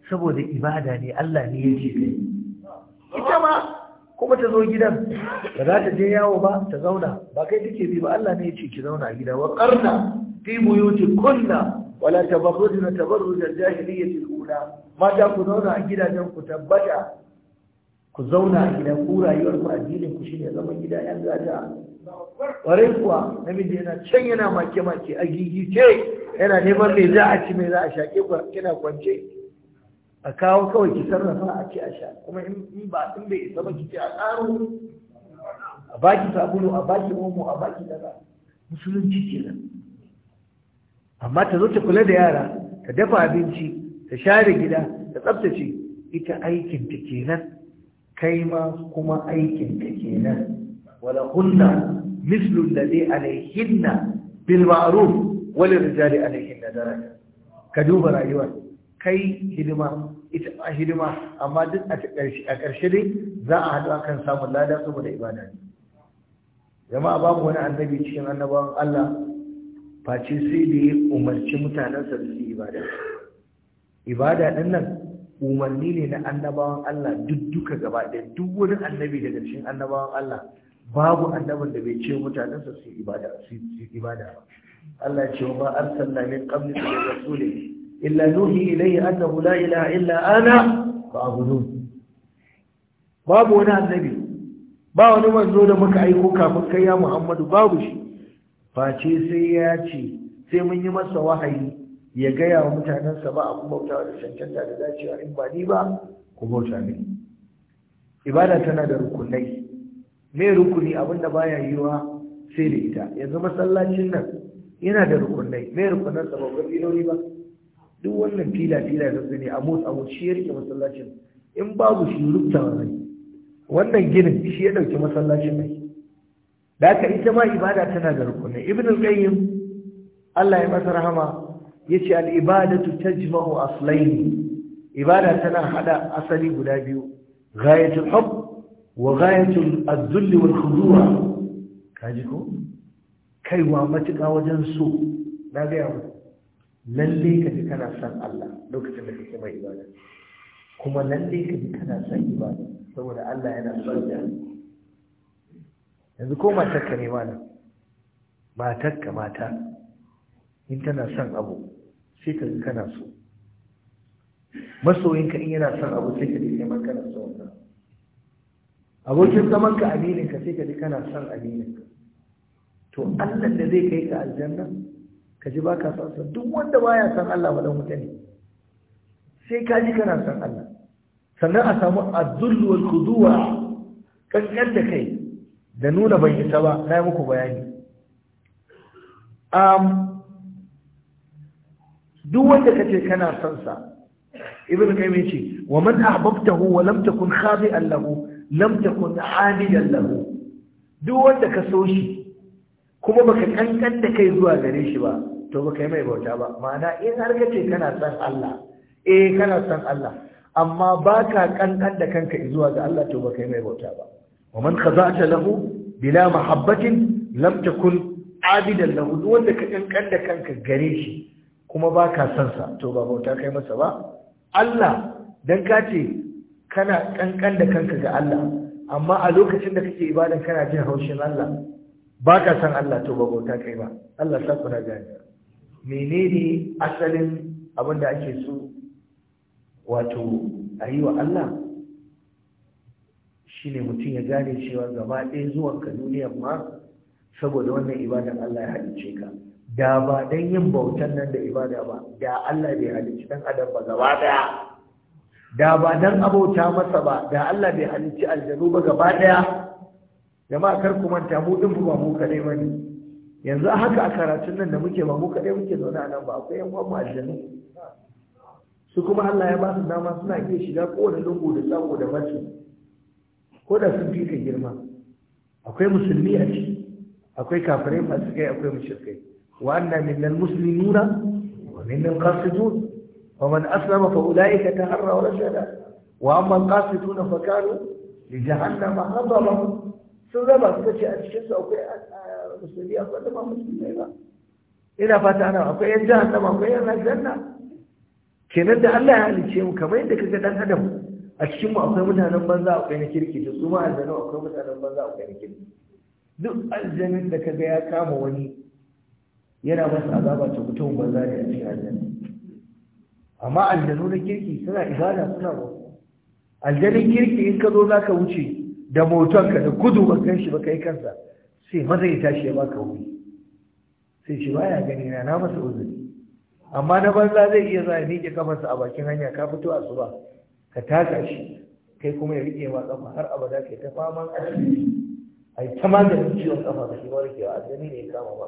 Speaker 3: saboda ibada ne Allah ne ya kai ita ma kuma ta zo gidan ba za ta je yawo ba ta zauna ba kai take bi ba Allah ne ya ce ki zauna a gida wa qarna fi kunna, wala tabarrujna tabarruj al-jahiliyyah juna mata ku zauna a gidajen ku tabbata
Speaker 1: ku zauna a gidan ku rayuwar
Speaker 3: ku addinin ku shine zaman gida yan zata ƙwarai kuwa namiji yana can yana make make a gigice yana neman me za a ci me za a sha ku kina kwance a kawo kawai ki sarrafa a ci a sha kuma in ba in bai isa ba ki ci a tsaro a baki sabulu a baki omo a baki daga musulunci kenan amma ta zo ta kula da yara ta dafa abinci ta share gida ta tsabtace ita aikin ta kenan kai ma kuma aikin ta kenan wala kunna mislu alladhi alayhinna bil ma'ruf wal rijali alayhinna daraja ka duba rayuwar kai hidima ita a hidima amma duk a karshe dai za a haɗu akan samun lada saboda ibada jama'a babu wani annabi cikin annabawan Allah face sai da ya umarci mutanen sa su ibada ibada din nan umarni ne na annabawan Allah duk duka gaba ɗaya duk wani annabi daga cikin annabawan Allah babu annabin da bai ce mutanensa su ibada su ibada ba Allah ce wa ba arsalna min qabli min rasul illa nuhi ilayhi annahu la ilaha illa ana fa'budun babu wani annabi ba wani manzo da muka aiko kafin kai ya Muhammadu babu shi face sai ya ce sai mun yi masa wahayi ya gaya wa mutanensa ba abin bautawa da cancanta da dacewa in ba ni ba ku bauta ne ibada tana da rukunai me rukuni abinda baya yiwa sai da ita yanzu masallacin nan yana da rukunai me rukunan sa ba ga filoli ba duk wannan fila fila da zane a motsa abu shi ya rike masallacin in babu shi rubta ba zai wannan ginin shi ya dauki masallacin ne da ita ma ibada tana da rukunai ibn al-qayyim Allah ya masa rahama yace al-ibadatu tajma'u aslayn ibada tana hada asali guda biyu ghayatul hub wa ghayatul adh-dhull wal khudu' kaji ko wa matuka wajen so na ga yawa lalle ka ji kana san Allah lokacin da kake mai ibada kuma lalle ka ji kana san ibada saboda Allah yana son ka yanzu ko matarka ne mana? matarka mata in tana son abu sai ka kana so masoyinka in yana son abu sai ka ji kai man kana so wannan abokin zaman ka aminin ka sai ka ji kana son aminin ka to Allah da zai kai ka aljanna ka ji baka son sa duk wanda baya son Allah ba dan wuta ne sai ka ji kana son Allah sannan a samu azzul wal khuduwa kankan da kai da nuna bai isa ba na yi muku bayani um duk wanda kace kana son sa ibnu qayyim ce wa man ahbabtahu wa lam takun khabi'an lahu lam takun 'abidan lahu duk wanda ka so shi kuma baka kankan da kai zuwa gare shi ba to baka yi mai bauta ba ma'ana in har kace kana son Allah eh kana son Allah amma baka kankan da kanka zuwa ga Allah to baka yi mai bauta ba wa man khaza'ta lahu bila mahabbatin lam takun 'abidan lahu duk wanda ka kankan da kanka gare shi kuma ba ka son to ba bauta kai masa ba Allah don ka ce kana kankan da kanka ga Allah amma a lokacin da kake ibadan kana jin haushin Allah ba ka san Allah to ba bauta kai ba Allah sa kuna gani ne asalin abin da ake so wato a yi wa Allah ne mutum ya gane cewa gaba ɗaya zuwan ka duniyar ma saboda wannan ibadan Allah ya haɗice ka da ba don yin bautan nan da ibada ba da Allah bai halicci dan adam ba gaba daya da ba don abauta masa ba da Allah bai halicci aljanu ba gaba daya jama'a kar ku manta mu din ba mu kadai bane yanzu haka a karatun nan da muke ba mu kadai muke zaune a nan ba akwai yan mu aljanu su kuma Allah ya ba su dama suna iya shiga kowane lungu da sako da mace ko da sun fi ka girma akwai musulmi a ciki akwai kafirai masu kai akwai mushrikai وأن منا المسلمون ومنا القاسطون ومن أسلم فأولئك تهر ورشدا وأما القاسطون فكانوا لجهنم حضرا سلما تكشي الشمس أو في المسلمين أفضل ما المسلمين إذا فتحنا أفضل أن جهنم أفضل الجنة نزلنا كنت الله أهل الشيء كما عندك قد الهدم الشم أفضل منها نمبنزا وكين كيركي جسوما أزنو أفضل منها نمبنزا وكين كيركي دو الزمن لك بيا كام وني yana su azaba ta mutum banza da a cikin aljanna amma aljanu na kirki suna ibada suna ba aljanin kirki in ka zo za ka wuce da motonka da gudu ba kan shi ba kai kansa sai maza ya tashi ya baka wuri sai shi baya gani na na masa uzuri amma na banza zai iya zai miƙe kafarsa a bakin hanya ka fito a zuba ka taka shi kai kuma ya riƙe ma kafa har abada kai ta faman asibiti a yi ta maganin ciwon kafa da shi warkewa aljani ne ya kama ba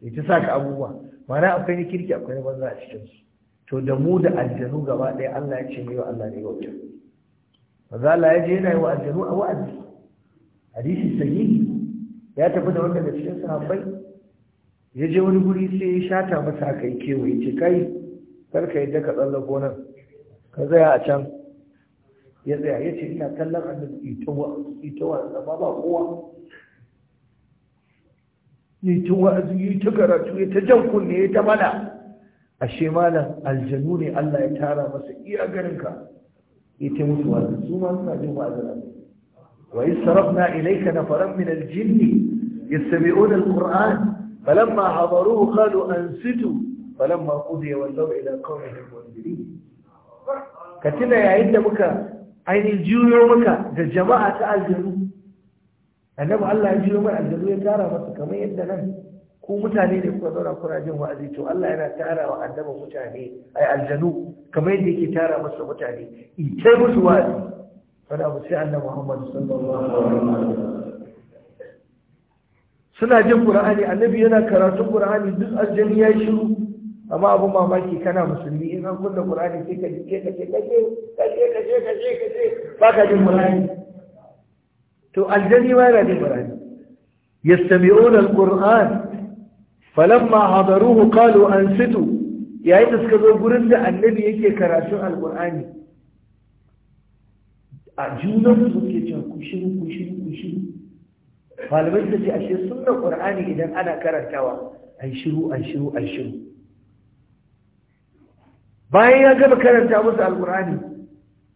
Speaker 3: ya ta saka abubuwa mana akwai na kirki akwai na banza a cikin su to da mu da aljanu gaba ɗaya Allah ya ce mai wa Allah ne wauta maza Allah ya je yana yi wa aljanu a wa'azi hadisi sanyi ya tafi da wanda da cikin sahabbai ya je wani guri sai ya shata masa haka yi kewaye ce kai karka yadda ka tsalla gonar ka tsaya a can ya tsaya ya ce ina kallon annabi ita wa ita wa ba kowa ya ta wa'azi ya ta karatu ya ta jan kunne ya ta mana ashe malam aljanu ne Allah ya tara masa iya garinka ya ta musu wa'azi su ma suna jin wa'azi wa sarafna ilayka nafaran min aljinni yastami'una alquran falamma hadaruhu qalu ansitu falamma qudiya wallaw ila qawmihim mundirin
Speaker 2: ka tuna yayin da
Speaker 3: muka ainihin juyo maka da jama'a ta aljanu annabi Allah ya biyo mai aljanu ya tara masa kamar yadda nan ku mutane ne kuka zauna kuna jin wa'azi to Allah yana tara wa annabi mutane ai aljanu kamar yadda yake tara masa mutane sai musu wa'azi fara mu sai annabi Muhammad sallallahu alaihi wasallam suna jin Qur'ani annabi yana karatun Qur'ani duk aljanu ya shiru amma abin mamaki kana musulmi in an kunna Qur'ani sai ka je ka je ka je ka je ka je je ka to aljani ma yana jin qur'ani yastami'una alquran falamma hadaruhu qalu ansitu yayin da suka zo gurin da annabi yake karatun alqur'ani a junan su ke cewa ku shiru ku shiru ku ashe sunna qur'ani idan ana karantawa ai shiru ai shiru ai shiru bayan ya gaba karanta musu alkur'ani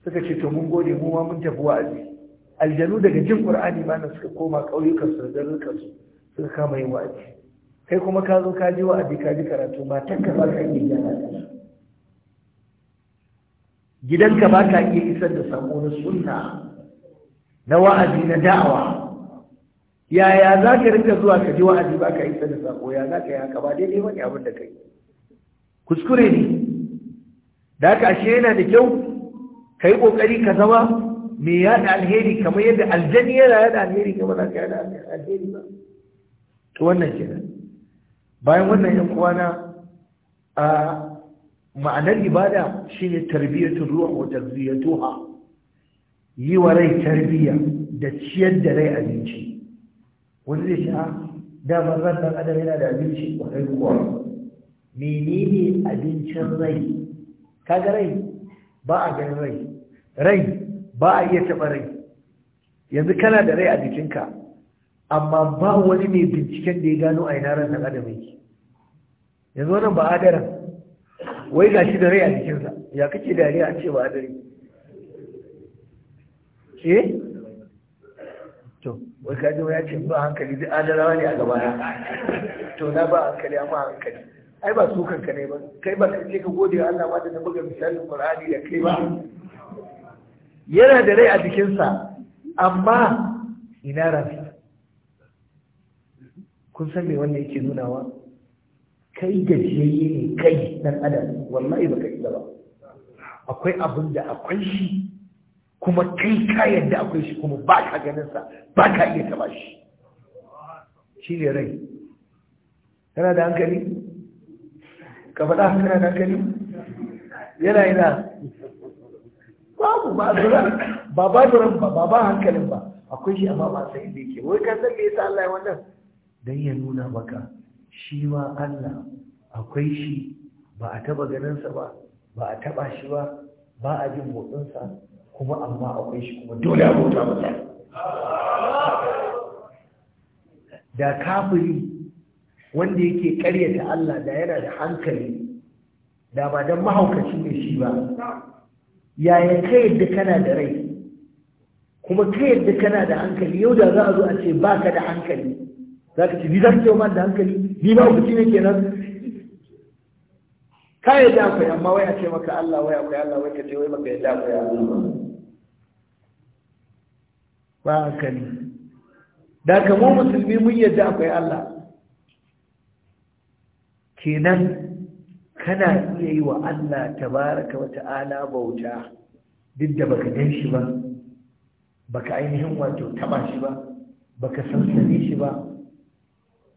Speaker 3: suka ce to mun gode mu ma mun tafi wa'azi aljanu daga jin qur'ani ma suka koma kauyukan su da rukan su suka kama yin wa'azi kai kuma ka zo ka ji wa'azi ka ji karatu ma ka ba ka iya gyara gidanka ba ka iya isar da sako na sunna na wa'azi na da'awa yaya za ka rinka zuwa ka ji wa'azi ba ka isar da sako ya za ka yi haka ba daidai wani abin da ka yi kuskure ne da haka ashe yana da kyau ka yi ƙoƙari ka zama me yada alheri kamar yadda aljani yana yada alheri kamar haka yada alheri ba to wannan kenan bayan wannan yan kwana a ma'anar ibada shine tarbiyatul ruh wa ha yi wa rai tarbiya da ciyar da rai abinci wani zai sha ah, damar ran adar yana da abinci ba kai kuwa menene abincin rai Ka ga rai ba a ganin rai rai ba a iya taɓa rai yanzu kana da rai a jikinka amma ba wani mai binciken da ya gano a yanarar da ɗan adam yake yanzu wannan ba adaran wai ga shi da rai a jikinsa ya kake rai an ce ba adari eh to wai ka ji ya ce ba hankali zai adarawa ne a gaba ya? to na ba hankali amma hankali ai ba su kanka ne ba kai ba ka ce ka gode Allah ma da na buga misalin Qur'ani da kai ba yana da rai a jikinsa amma ina rafi. kun san me wanda yake nunawa kai gajiyayye ne kai dan adam wallahi baka isa ba akwai abin da akwai shi kuma kai ka yadda akwai shi kuma ba ka ganinsa ba ka iya taba shi shi ne rai kana da hankali ka faɗa kana da hankali yana yana babu baburan ba duran ba ba ba hankalin ba akwai shi amma ba sai da yake wai ka san me yasa Allah ya wannan dan ya nuna maka shi ma Allah akwai shi ba a taba ganin sa ba ba a taba shi ba ba a jin motsin sa kuma amma akwai shi kuma dole a bauta masa da kafiri wanda yake karyata Allah da yana da hankali da ba dan mahaukaci ne shi ba yaya ka yadda kana da rai kuma ka yadda kana da hankali yau da za a zo a ce ba ka da hankali za ka ce ni za ka ce ma da hankali ni ba ku ne ke nan? ka yi akwai amma wai a ce maka Allah wai akwai Allah wai ka ce wai maka yadda akwai Allah ba hankali da kamar musulmi mun yadda akwai Allah kenan kana iya yi wa Allah tabaraka wa ta'ala bauta duk da baka gan shi ba baka ainihin wato taba shi ba baka sansani shi ba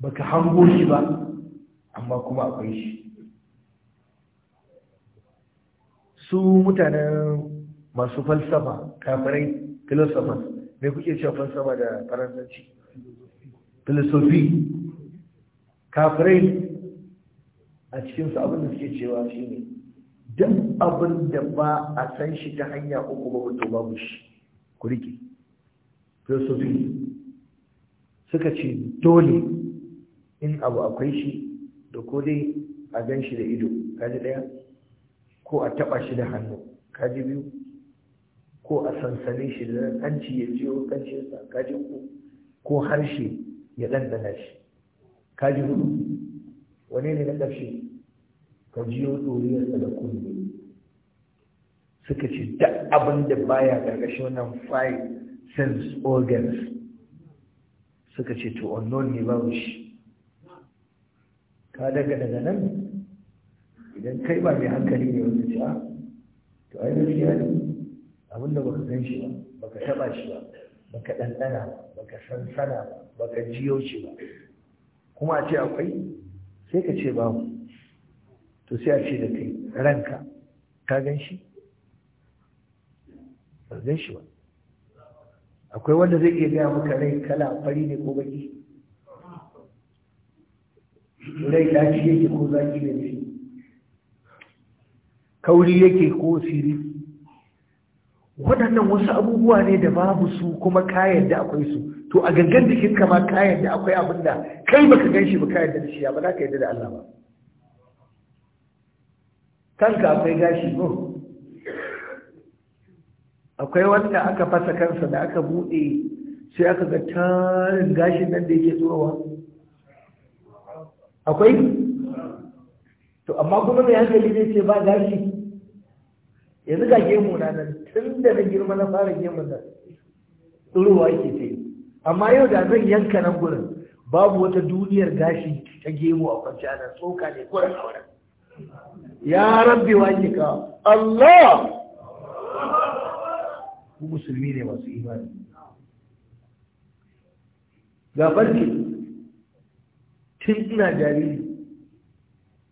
Speaker 3: baka hango shi ba amma kuma akwai shi su mutanen masu falsafa kafirai philosophers mai kuke cewa falsafa da faransanci philosophy kafirai a cikinsu abin da suke cewa shi ne duk abin da ba a san shi ta hanya uku ba wato babu shi ku riƙe filosofi suka ce dole in abu akwai shi da ko dai a gan shi da ido kaji ɗaya ko a taɓa shi da hannu kaji biyu ko a sansane shi da hanci ya ciwo kancinsa kaji uku ko harshe ya ɗanɗana shi kaji hudu wane ne na ƙarshe ka jiyo ɗoriyarsa da kunne suka ce duk abin da baya gargashi wannan five sense organs suka ce to unknown ne ba shi ka daga daga nan idan kai ba mai hankali ne wanda ce ah, to ai gaskiya ne abin da baka san shi ba baka taba shi ba baka ɗanɗana ba baka sansana ba baka jiyo shi ba kuma a ce akwai sai ka ce babu to sai a ce da kai ranka ka gan shi ba gan shi ba akwai wanda zai iya gaya maka rai kala fari ne ko baki rai ta ce yake ko zaki ne shi kauri yake ko siri waɗannan wasu abubuwa ne da babu su kuma kayan da akwai su to a gangan jikinka ma kayan da akwai abin da kai baka gan shi ba kayan da shi ya ba za ka yadda da Allah ba kanka akwai gashi ko akwai wanda aka fasa kansa da aka buɗe sai aka ga tarin gashin nan da yake tsowa akwai to amma kuma mai hankali zai ce ba gashi yanzu ga gemu na nan tun da na girma na fara gemu nan tsurowa yake ce amma yau da zan yanka nan gurin babu wata duniyar gashi ta gemu a kwanciya ana tsoka ne gurin a wurin
Speaker 2: ya rabbi wa ka
Speaker 3: Allah ku musulmi ne masu imani ga farki tun ina jariri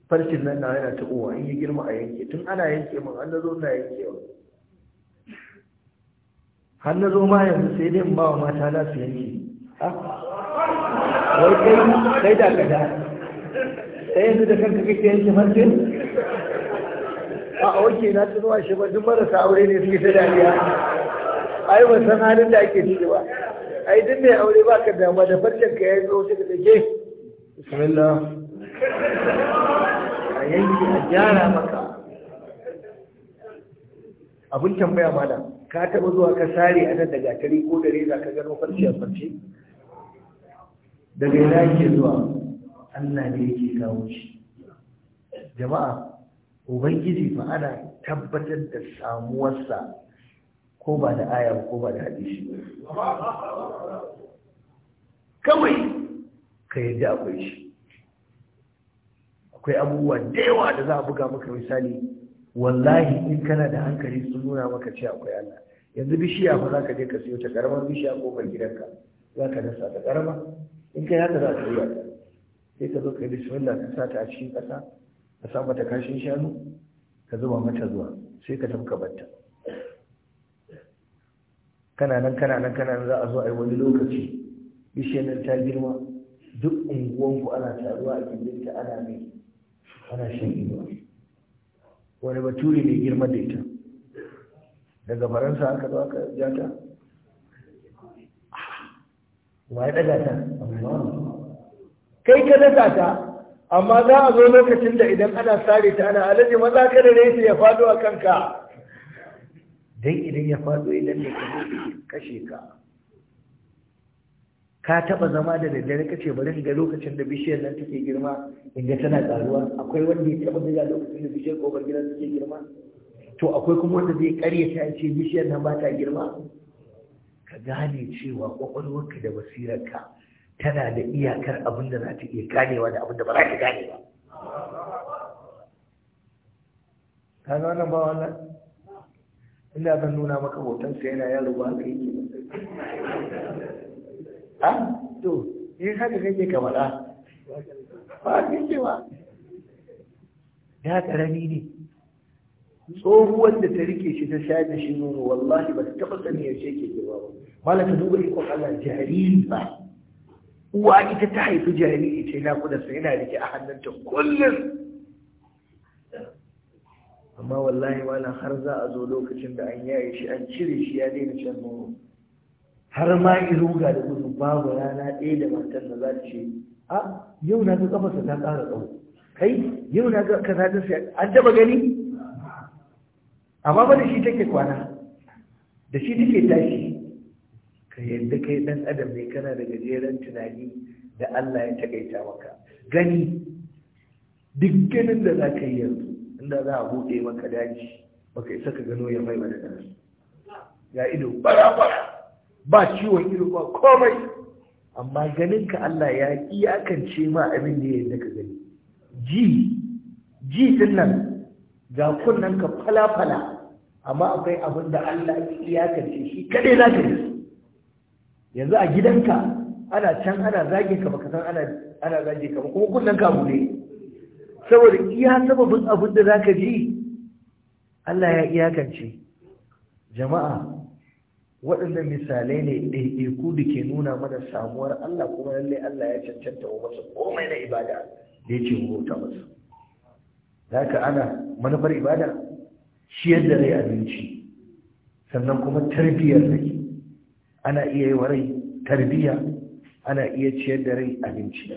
Speaker 3: farkin nan na yana ta uwa in yi girma a yanke tun ana yanke min an nazo na yankewa har na zo ma yanzu sai dai ba wa mata na su yanke
Speaker 2: wai kai kai da kada
Speaker 3: sai yanzu da kanka kake yanke farkin a oke na tunuwa shi ba duk marasa aure ne suke ta dariya ai ba san halin da ake ciki ba ai duk mai aure ba ka damu da farcen ka ya zo ta da dake bismillah a yanki a gyara maka abin tambaya mana ka taba zuwa ka sare a nan da gatari ko da reza ka gano farce a farce daga ina yake zuwa Allah ne yake kawo shi jama'a ubangiji ba ana tabbatar da samuwarsa ko ba da aya ko ba da hadisi kawai ka yadda akwai shi akwai abubuwa da yawa da za a buga maka misali wallahi in kana da hankali sun nuna maka ce akwai Allah yanzu bishiya ba za ka je ka siyo ta karamar bishiya kofar gidanka za ka dasa ta karama in kai haka za ka yi sai ka zo ka yi bismillah ka sa ta a cikin ƙasa ka sa mata kashin shanu ka zuba mata zuwa sai ka tafka batta kana nan kana nan kana nan za a zo a yi wani lokaci bishiyar ta girma duk unguwanku ana taruwa a gindinta ana mai ana shan inuwa wani baturi mai girma da ita daga faransa aka zo aka ja ta wa ya daga ta kai ka daga ta amma za a zo lokacin da idan ana sare ta ana alaji maza ka da ya faɗo a kanka dan idan ya faɗo idan ne ka kashe ka ka taba zama da daddare kace bari ga lokacin da bishiyar nan take girma inda tana ƙaruwa. akwai wanda ya taba ga lokacin da bishiyar kofar gidan take girma to akwai kuma wanda zai karya ta ce bishiyar nan ba ta girma ka gane cewa kwakwalwarka da basirarka tana da iyakar abin da za ta iya ganewa da abin da ba za ta gane ba ka ga nan ba wannan ina zan nuna maka hoton sai yana yaro ba ka yi ha to yi haka kake ka faɗa ba ka yi ba ya karami ne tsohuwar da ta rike shi ta shayar da shi nono wallahi ba ta taɓa sani yaushe ke girma ba malam ta duba ikon Allah jariri ba uwa ita ta haifi jariri ce naƙudarsa yana rike a hannunta kullum amma wallahi wala har za a zo lokacin da an yaye shi an cire shi ya daina shan nono har ma ga da gudu babu rana ɗaya da matar da za ta ce a yau na ga kafarsa ta ƙara tsawo kai yau na ga kaza ta sai an taba gani amma ba da shi take kwana da shi take tashi ka yadda kai dan adam ne kana da gajeren tunani da Allah ya takaita maka gani duk ganin da za ka yi yanzu inda za a buɗe maka daji baka isa ka gano ya mai da darasi Ya ido
Speaker 2: bara-bara
Speaker 3: ba ciwon ido ba komai amma ganin ka Allah ya iyakance ma abin da yadda ka gani ji ji din nan ga kunnen ka fala-fala amma akwai abin da Allah ya iyakance shi kadai za ka yi yanzu a gidanka ana can ana zage ka baka san ana zage ka ba kuma kullun ka bude saboda iya sababin abin da zaka ji Allah ya iyakance jama'a waɗannan misalai ne ɗaiɗaiku da ke nuna mana samuwar Allah kuma lallai Allah ya cancanta wa masa komai na ibada da ya ce wuta masa Za ka ana manufar ibada shi da rai abinci sannan kuma tarbiyyar rai ana iya yi wa rai tarbiyya ana iya ciyar da rai abinci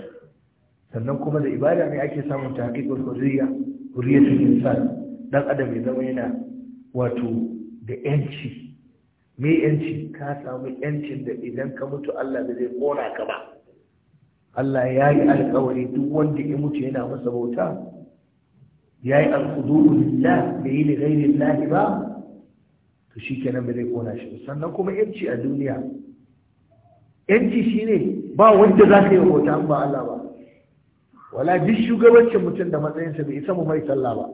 Speaker 3: sannan kuma da ibada ne ake samun ta tahqiqul hurriya ta insan dan adam ya zama yana wato da yanci me yanci ka samu yancin da idan ka mutu Allah da zai kona ka ba Allah ya yi alkawari duk wanda ya mutu yana masa bauta ya yi alkudu lillah da yi da gairin lahi ba to shi kenan ba zai kona shi sannan kuma yanci a duniya yanci shi ne ba wanda za ka yi bauta an ba Allah ba wala duk shugabancin mutum da matsayinsa bai isa mu mai sallah ba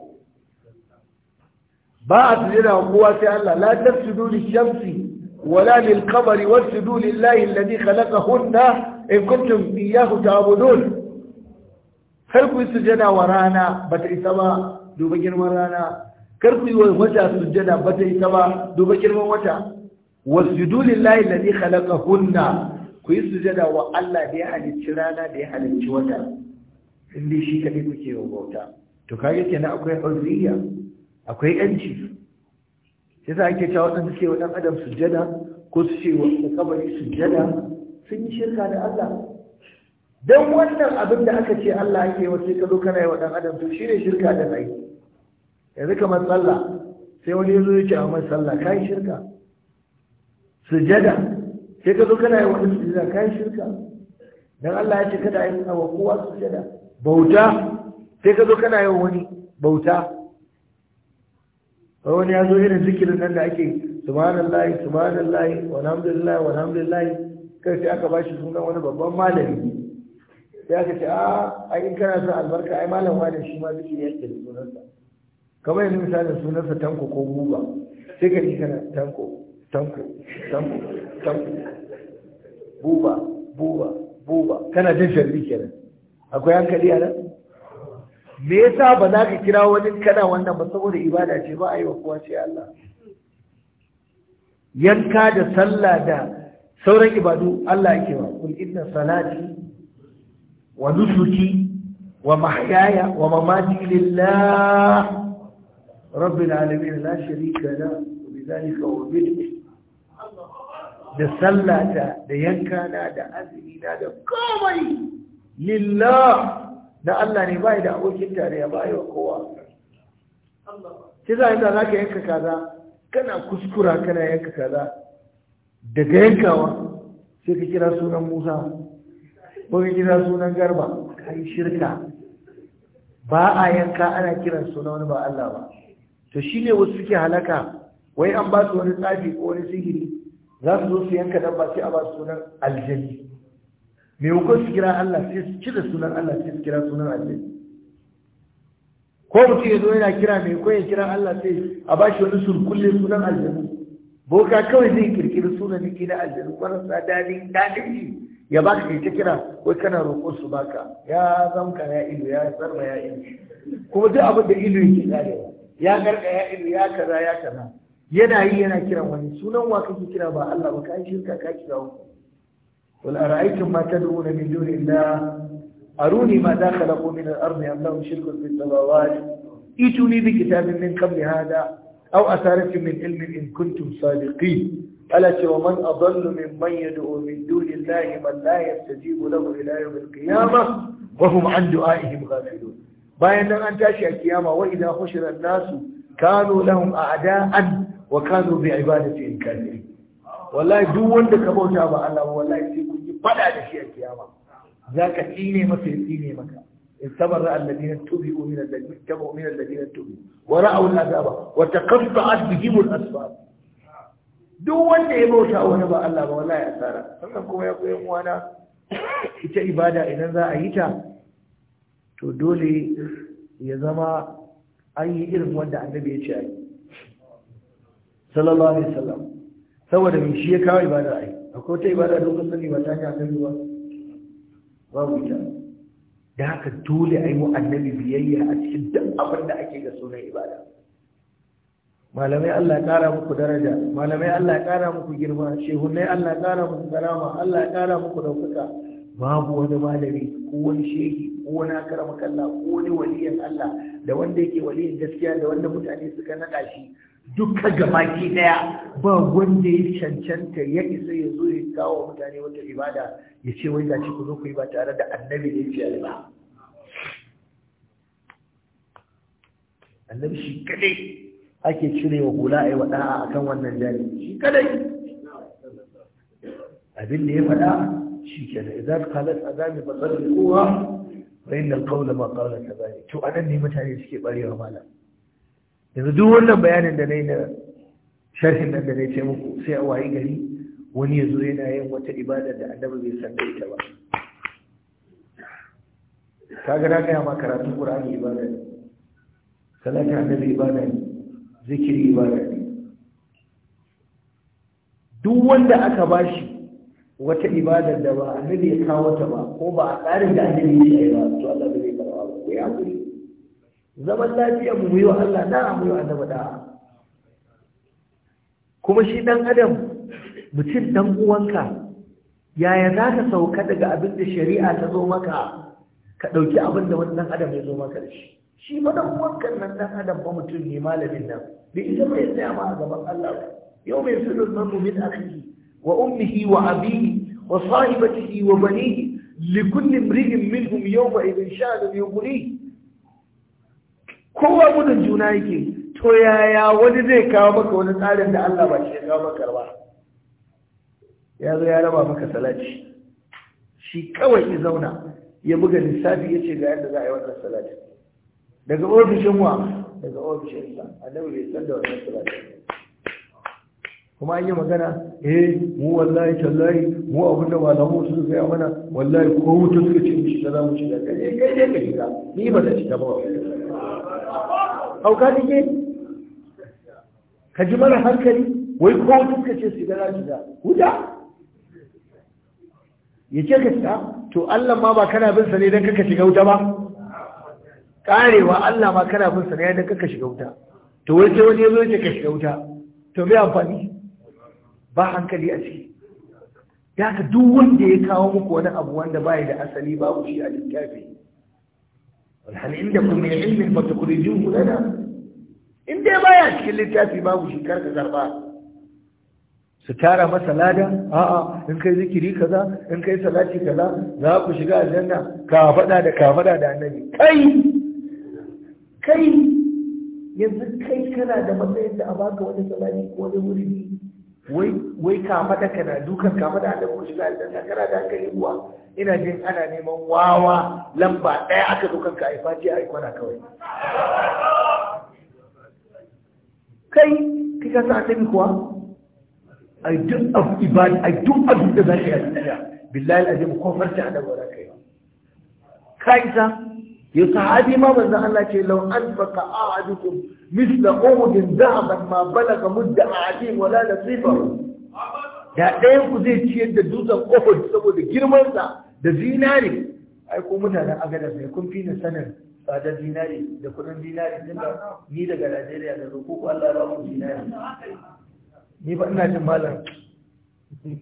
Speaker 3: ba a sujada wa kowa sai Allah la li Shamsi, wala qamari wasjudu lillahi alladhi khalaqahunna in kuntum iyyahu ta'budun kar ku sujada wa rana bata isa ba duba girman rana kar ku yi wa wata sujjada ba ta yi ta ba duba girman wata wasjudu lillahi alladhi khalaqahunna ku yi sujjada wa Allah da ya halicci rana da ya halicci wata in dai shi kadai kuke wa bauta to kage kenan akwai hurriya akwai yanci sai sa ake cewa wadanda suke wa ɗan adam sujjada ko su ce wa kabari sujjada sun yi shirka da Allah Don wannan abin da aka ce Allah ake wa sai ka zo kana yi wa ɗan adam to ne shirka da rai yanzu kamar tsalla sai wani yanzu yake a mai tsalla kayan shirka sujada sai ka zo kana yi wani sujada kayan shirka don Allah ya ce kada yi wa kowa sujada bauta sai ka zo kana yi wani bauta wani ya zo irin zikirin nan da ake subhanallahi subhanallahi walhamdulillahi walhamdulillahi kai sai aka bashi sunan wani babban malami sai aka ce a ah, in kana son albarka ai malam wani shi ma zikiri yake da sunansa kamar yanzu misalin sunansa tanko ko guba sai ka ji kana tanko tanko tanko tanko buba buba buba kana jin sharri kenan akwai hankali a nan me yasa ba za ka kira wani kana wannan ba saboda ibada ce ba a yi wa kowa ce Allah yanka da sallah da sauran ibadu Allah yake wa kul inna salati wa nusuki wa mahyaya wa mamati lillah رب العالمين لا شريك له وبذلك أمرت da sallata da na da azumina da
Speaker 2: komai
Speaker 3: lillah da Allah ne bai da abokin tarayya bai wa kowa Ki za a yi za ka yanka kaza kana kuskura kana yanka kaza daga yankawa sai ka kira sunan musa ko ka kira sunan garba ka shirka ba a yanka ana kiran sunan wani ba Allah ba to ne wasu suke halaka wai an ba su wani tsafi ko wani sihiri za su zo su yanka ba sai a ba su sunan aljanni me hukun su kira Allah sai su cire sunan Allah sai su kira sunan aljanni ko mutum ya zo yana kira mai ko ya kira Allah sai a ba shi wani surkulle sunan aljanni boka kawai zai kirkiri sunan niki na aljanni marasa daɗin daɗin ji ya ba ka ta kira wai kana roƙo su baka ya zamka ya ilu ya sarma ya ilu kuma duk abin da ilu yake karewa ya garga ya ido ya kaza ya kaza yana yi yana kiran wani sunan wa kake kira ba Allah ba ka shirka ka kira wani wal ara'aytum ma tad'una min duni Allah aruni ma da khalaqu min al-ardi am lahum shirkun fi samawati ituni bi kitabin min qabli hada aw asaratin min ilmin in kuntum sadiqin ألا ومن أضل ممن يدعو من دون الله من لا يستجيب له إلى يوم القيامة وهم عن دعائهم غافلون bayan nan an tashi a kiyama wa idza hushira nasu kanu a a'da'an wa kano bai kanu bi ibadatihim kafirin wallahi duk wanda ka bauta ba Allah wallahi sai kun yi fada da shi a kiyama zaka tsine masa ya tsine maka استمر الذين تبعوا من الذين اتبعوا من الذين تبعوا ورأوا العذاب وتقطعت بهم الأسباب duk wanda ya bauta wani ba Allah ba wallahi asara sannan kuma ya koyi wana ita ibada idan za a yi ta to dole ya zama an yi irin wanda annabi ya ce a yi sallallahu alaihi sallam. saboda mai shi ya kawo ibada a yi akwai ta ibada don kuka ne ba ta hanyar annabi ba babu ita da haka dole a yi wa annabi biyayya a cikin duk abin da ake ga sunan ibada malamai Allah ya kara muku daraja malamai Allah ya kara muku girma shehunnai Allah ya kara muku karama Allah ya kara muku daukaka. babu wani malami ko wani shehi ko wani akarama kalla ko wani waliyan Allah da wanda yake waliyan gaskiya da wanda mutane suka naɗa shi duka gabaki daya ba wanda ya cancanta ya isa ya zo ya kawo mutane wata ibada ya ce wai gashi ku zo ku yi ba tare da annabi ne ce ba annabi shi kadai ake cire wa hula yi wa da'a akan wannan jani shi kadai abin da ya faɗa shi ke da idan kalas a zami basar da kowa bayan da kaula ba kaula ta zami to a nan ne mutane suke barewa malam yanzu duk wannan bayanin da na yi na sharhin nan da na ce muku sai a wayi gari wani ya zo yana yin wata ibada da annabi bai san da ita ba ka ga na gaya ma karatun ƙur'ani ibada ne salatin annabi ibada ne zikiri ibada ne duk wanda aka bashi wata ibadar da ba a ya kawo ta ba ko ba a tsarin da annabi ya yi ba to Allah zai karɓa ba ku ya kuri zaman lafiya mu yi wa Allah da mu yi wa annabi da kuma shi dan adam mutum dan uwanka yaya za ka sauka daga abin da shari'a ta zo maka ka ɗauki abin da wannan adam ya zo maka da shi shi ma dan uwanka nan dan adam ba mutum ne malamin nan bai ita mai tsaya ma a gaban Allah yau mai sulul mamu min akhihi Wa وأمه وأبيه وصاحبته وبنيه لكل امرئ منهم يومئذ شأن يغنيه kowa gudun juna yake to yaya wani zai kawo maka wani tsarin da Allah ba shi ya kawo maka ba ya zo ya raba maka salati shi kawai ya zauna ya buga lissafi ya ce ga yadda za a yi wannan salati daga ofishin wa daga ofishin sa annabi bai san da wannan salati kuma an yi magana eh mu wallahi tallahi mu abin da malamu su ya mana wallahi ko wuta suka ce mu shiga za mu shiga kai kai ne ka shiga ni ba zan shiga ba hauka dike ka ji mana hankali wai ko wuta suka ce shiga za shiga wuta ya ce ka shiga to Allah ma ba kana bin sa ne dan kaka shiga wuta ba karewa Allah ma kana bin sa ne dan kaka shiga wuta to wai sai wani ya zo ya ce ka shiga wuta to me amfani ba hankali a ciki ya ka duk wanda ya kawo muku wani abu wanda ba da asali babu shi a littafi alhali inda ku ya ilmin mata kuri jin gudana in dai baya cikin littafi babu shi karka zarba su tara masa lada a'a in kai zikiri kaza in kai salati kaza za ku shiga aljanna ka faɗa da ka faɗa da annabi kai kai yanzu kai kana da matsayin da a baka wani salati ko wani wuri wai kafada ka na dukan kama da ku shiga aljanna kana da hankali kuwa ina jin ana neman wawa lamba ɗaya aka dukan ka aifa a ai kwana kawai kai kika sa ta kuwa ai duk abu ibadi ai duk abu da zai yi billahi alazim ko farta da gora kai ka isa ya sahabi ma manzo Allah ce law anfaqa ahadukum misla uhudin dhahaban ma balaga mudda ahadi wala nasifa da ɗayan ku zai ciyar da dutsen Uhud saboda girman sa da zinari. ai ko mutanen agada sai kun fi na sanin tsadar zinari da kudin zinari din da ni daga Najeriya da roƙo Allah ya ba mu ni ba ina jin malam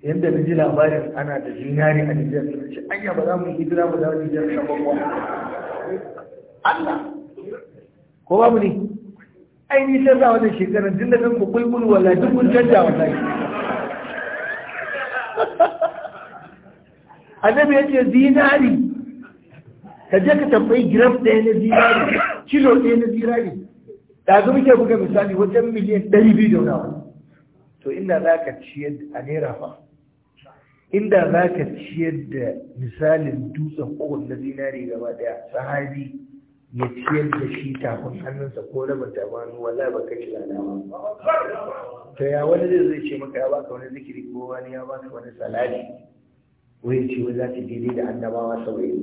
Speaker 3: yadda na ji labarin ana da zinari a Nijar sun ce anya ba za mu hijira ba za mu Nijar shan bakwa Allah ko ba mu ne ai ni sai za wannan shekarar din da kan ku bulbul wala duk mun canja wallahi annabi ya ce zinari ka je ka tambayi gram ɗaya na zinari kilo ɗaya na zinari da ga muke buga misali wajen miliyan ɗari biyu da wani to inda za ka ciyar a naira ba inda za ka ciyar da misalin dutsen ƙogon na zinari gaba daya sahabi ya ciyar da shi tafin hannunsa ko raba tabanu wala ba ka kila da ba Ta ya wani zai zai ce maka ya baka wani zikiri ko wani ya baka wani salari? ko ya ce wani za ta gini da annabawa saurayi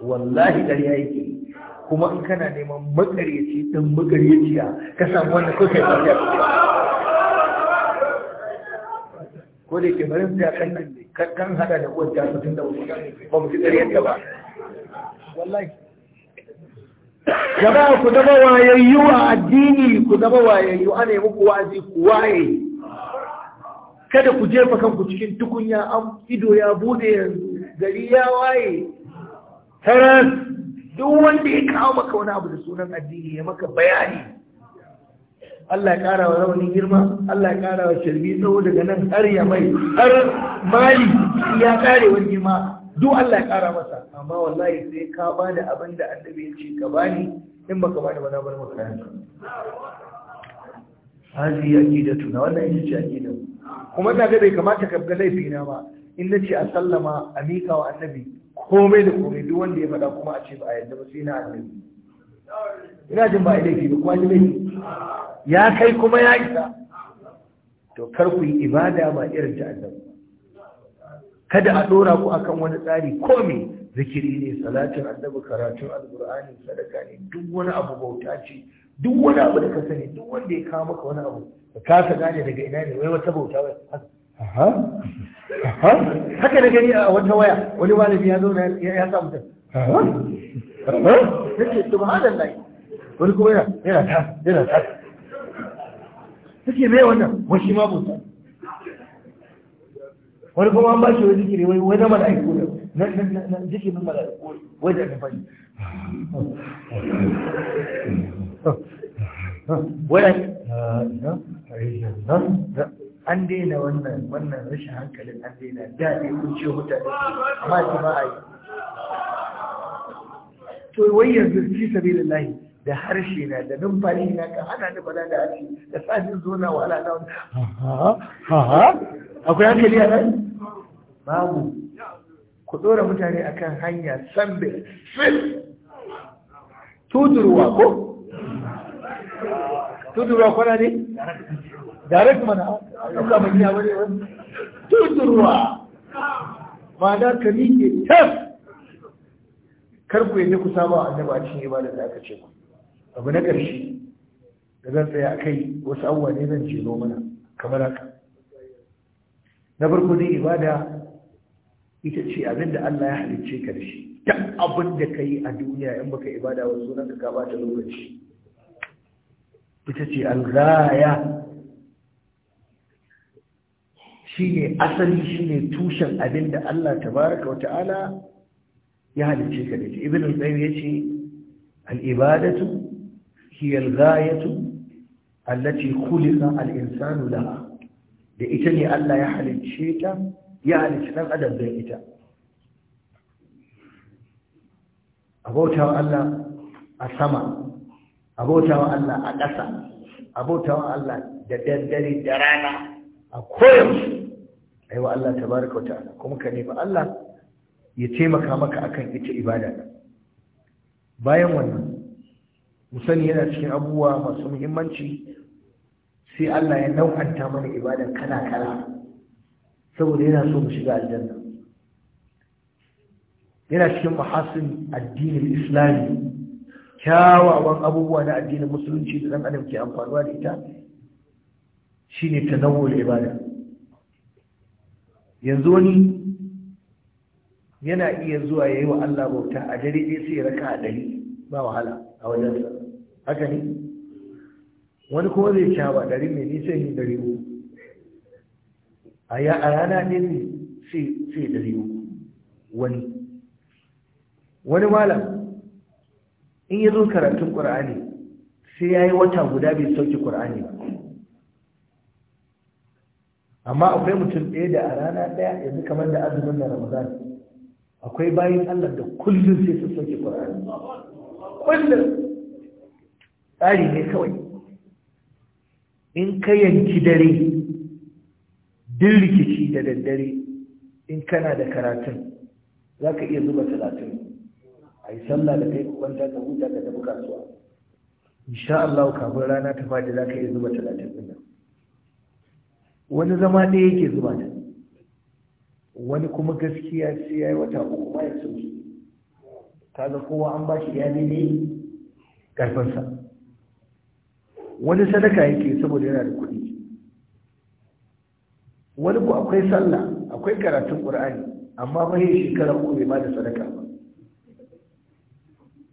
Speaker 3: wallahi ya yi kuma in kana neman makaryaci ɗan makaryaciya ka samu wanda kuka yi ko da ke barin da kan nan kan hada da uwar jasu tun da ba mu ci tsariyar ta ba
Speaker 2: wallahi jama'a ku zama wayayyu a
Speaker 3: addini ku zama wayayyu ana yi muku wa'azi ku waye kada ku jefa kanku cikin tukunya an ido ya bude yanzu gari ya waye taras duk wanda ya kawo maka wani abu da sunan addini ya maka bayani Allah ya ƙara wa rauni girma Allah ya ƙara wa shirbi tsawo daga nan har ya mai har mali ya ƙare wani girma duk Allah ya ƙara masa amma wallahi sai ka bani abin da annabi ya ce ka bani in baka bani ba na bar maka kayan ka hazi da tuna, wannan ita ce aqida kuma ina ga bai kamata ka ga laifi na ba in nace a sallama a mika wa annabi komai da komai duk wanda ya faɗa kuma a ce ba a yadda ba sai na annabi ina jin ba a laifi ba kuma ni laifi ya kai kuma ya isa to kar ku yi ibada ba irin ta kada a dora ku akan wani tsari komi zikiri ne salatin annabi karatun alqur'ani sadaka ne duk wani abu bauta ce duk wani abu da ka sani duk wanda ya kawo maka wani abu ka ka gane daga ina ne wai wata bauta wai haka da gani a wata waya wani malami ya zo ya samu ta ha wani kuma yana yana yana take mai wannan wani ma bauta wani kuma an bashi wani zikiri wai wani mala'iku ne na na zikirin mala'iku wai da fari wai an daina wannan wannan rashin hankalin an daina daɗe kun ce mutane amma ce ba a yi
Speaker 2: to wai yanzu
Speaker 3: fi sabilillahi da harshe na da numfashi na ka hana ni bala da harshe da sani zo na wala na wani akwai hankali a nan babu ku dora mutane akan hanya sambe fil tudurwa ko
Speaker 2: tudurwa kwana ne direct mana ɗauka mai ya
Speaker 3: ne wani tudurwa ma da ka miƙe taf karku yadda ku saba annabi a cikin ibadar da aka ce ku abu na ƙarshe da zan tsaya a kai wasu abubuwa ne zan jero mana kamar haka na farko dai ibada ita ce abin da Allah ya halicce ka da shi duk abin da ka yi a duniya in baka ibada wasu nan ka gabata lokaci ita ce algaya shi ne asali shi ne tushen abin da Allah tabaraka wa ta'ala ya halicce ka da shi ibn al-qayyim yace al-ibadatu hiyar gayatu allaci kulisan al'insanu ita ne Allah ya halicce ta ya halicci ɗan adam don ita abautawa Allah a sama abautawa Allah a ƙasa abautawa Allah da daddare da rana a koyaushe aiwa Allah tabaraka wa ta'ala kuma Allah ya taimaka maka akan ita ibada bayan wannan musani yana cikin abubuwa masu muhimmanci sai Allah ya nau'anta mana ibadan kala-kala saboda yana so mu shiga aljanna yana cikin mahasin addinin islami kyawawan abubuwa na addinin musulunci da ɗan adam ke amfanuwa da ita shine tanawul ibada yanzu wani yana iya zuwa ya yi wa Allah bauta a dare sai raka a dari ba wahala a sa. haka ne wani kuma zai sha ba dari mai nisa ne dari uku a rana ne sai ɗari uku wani wani malam in yi zo karatun ƙur'ani sai ya yi wata guda bai sauki ƙur'ani ba amma akwai mutum ɗaya da a rana ɗaya yanzu kamar da azumin na ramadan akwai bayan allah da kullum sai su sauki ƙur'ani kullum tsari ne kawai in ka yanki dare din rikici da daddare in kana da karatun za ka iya zuba talatin a yi sallah da kai kwanta ka huta ka tafi kasuwa insha Allah kafin rana ta fadi za ka iya zuba talatin din nan wani zama ɗaya yake zuba ta wani kuma gaskiya sai ya yi wata uku ma ya sauki kaga kowa an ba shi ya ne karfinsa wani sadaka yake saboda yana da kuɗi wani ku akwai sallah akwai karatun ƙur'ani amma ba yi shekara uku bai ba da sadaka ba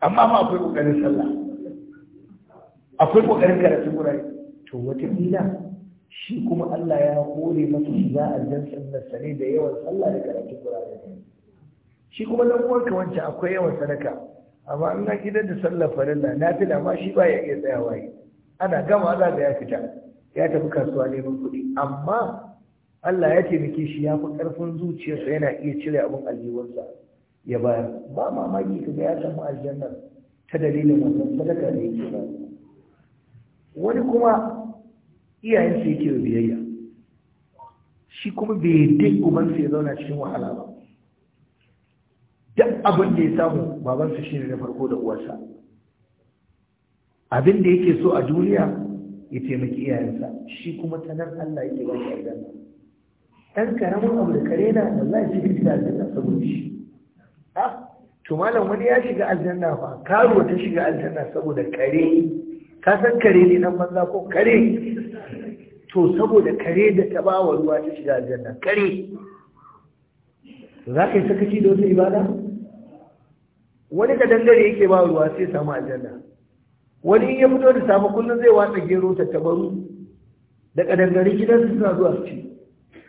Speaker 3: amma ma akwai ƙoƙarin sallah akwai ƙoƙarin karatun ƙur'ani to wata wataƙila shi kuma Allah ya hore masa shiga aljansan nasa Sani da yawan sallah da karatun ƙur'ani shi kuma dan uwanka wancan akwai yawan sadaka amma an ga gidan da Sallah farilla na fila ma shi ba ya iya tsayawa yi ana gama za ga ya fita ya tafi kasuwa neman kuɗi amma Allah ya taimake shi ya fi ƙarfin zuciyarsa yana iya cire abin aljiwarsa ya bayar ba mamaki ka ga ya samu aljanna ta dalilin wannan sadaka da yake ba wani kuma iyayen sa yake biyayya shi kuma bai yadda uban ya zauna cikin wahala ba duk abin da ya samu babansa shine na farko da uwarsa abin da yake so a duniya ya taimaki iyayensa shi kuma tanar Allah yake ba shi aljanna dan karamin abu da kare na wallahi sai ka shiga aljanna saboda shi ha ah, to malam wani ya shiga aljanna fa karuwa ta shiga aljanna saboda kare ka san kare ne nan banza ko kare to saboda kare da ta ba wa ruwa ta shiga aljanna kare za ka yi sakaci da wata ibada wani ka dangare yake ba ruwa sai samu aljanna wani in ya fito da safe kullum zai watsa gero ta tattabaru da kadangare su suna zuwa su ci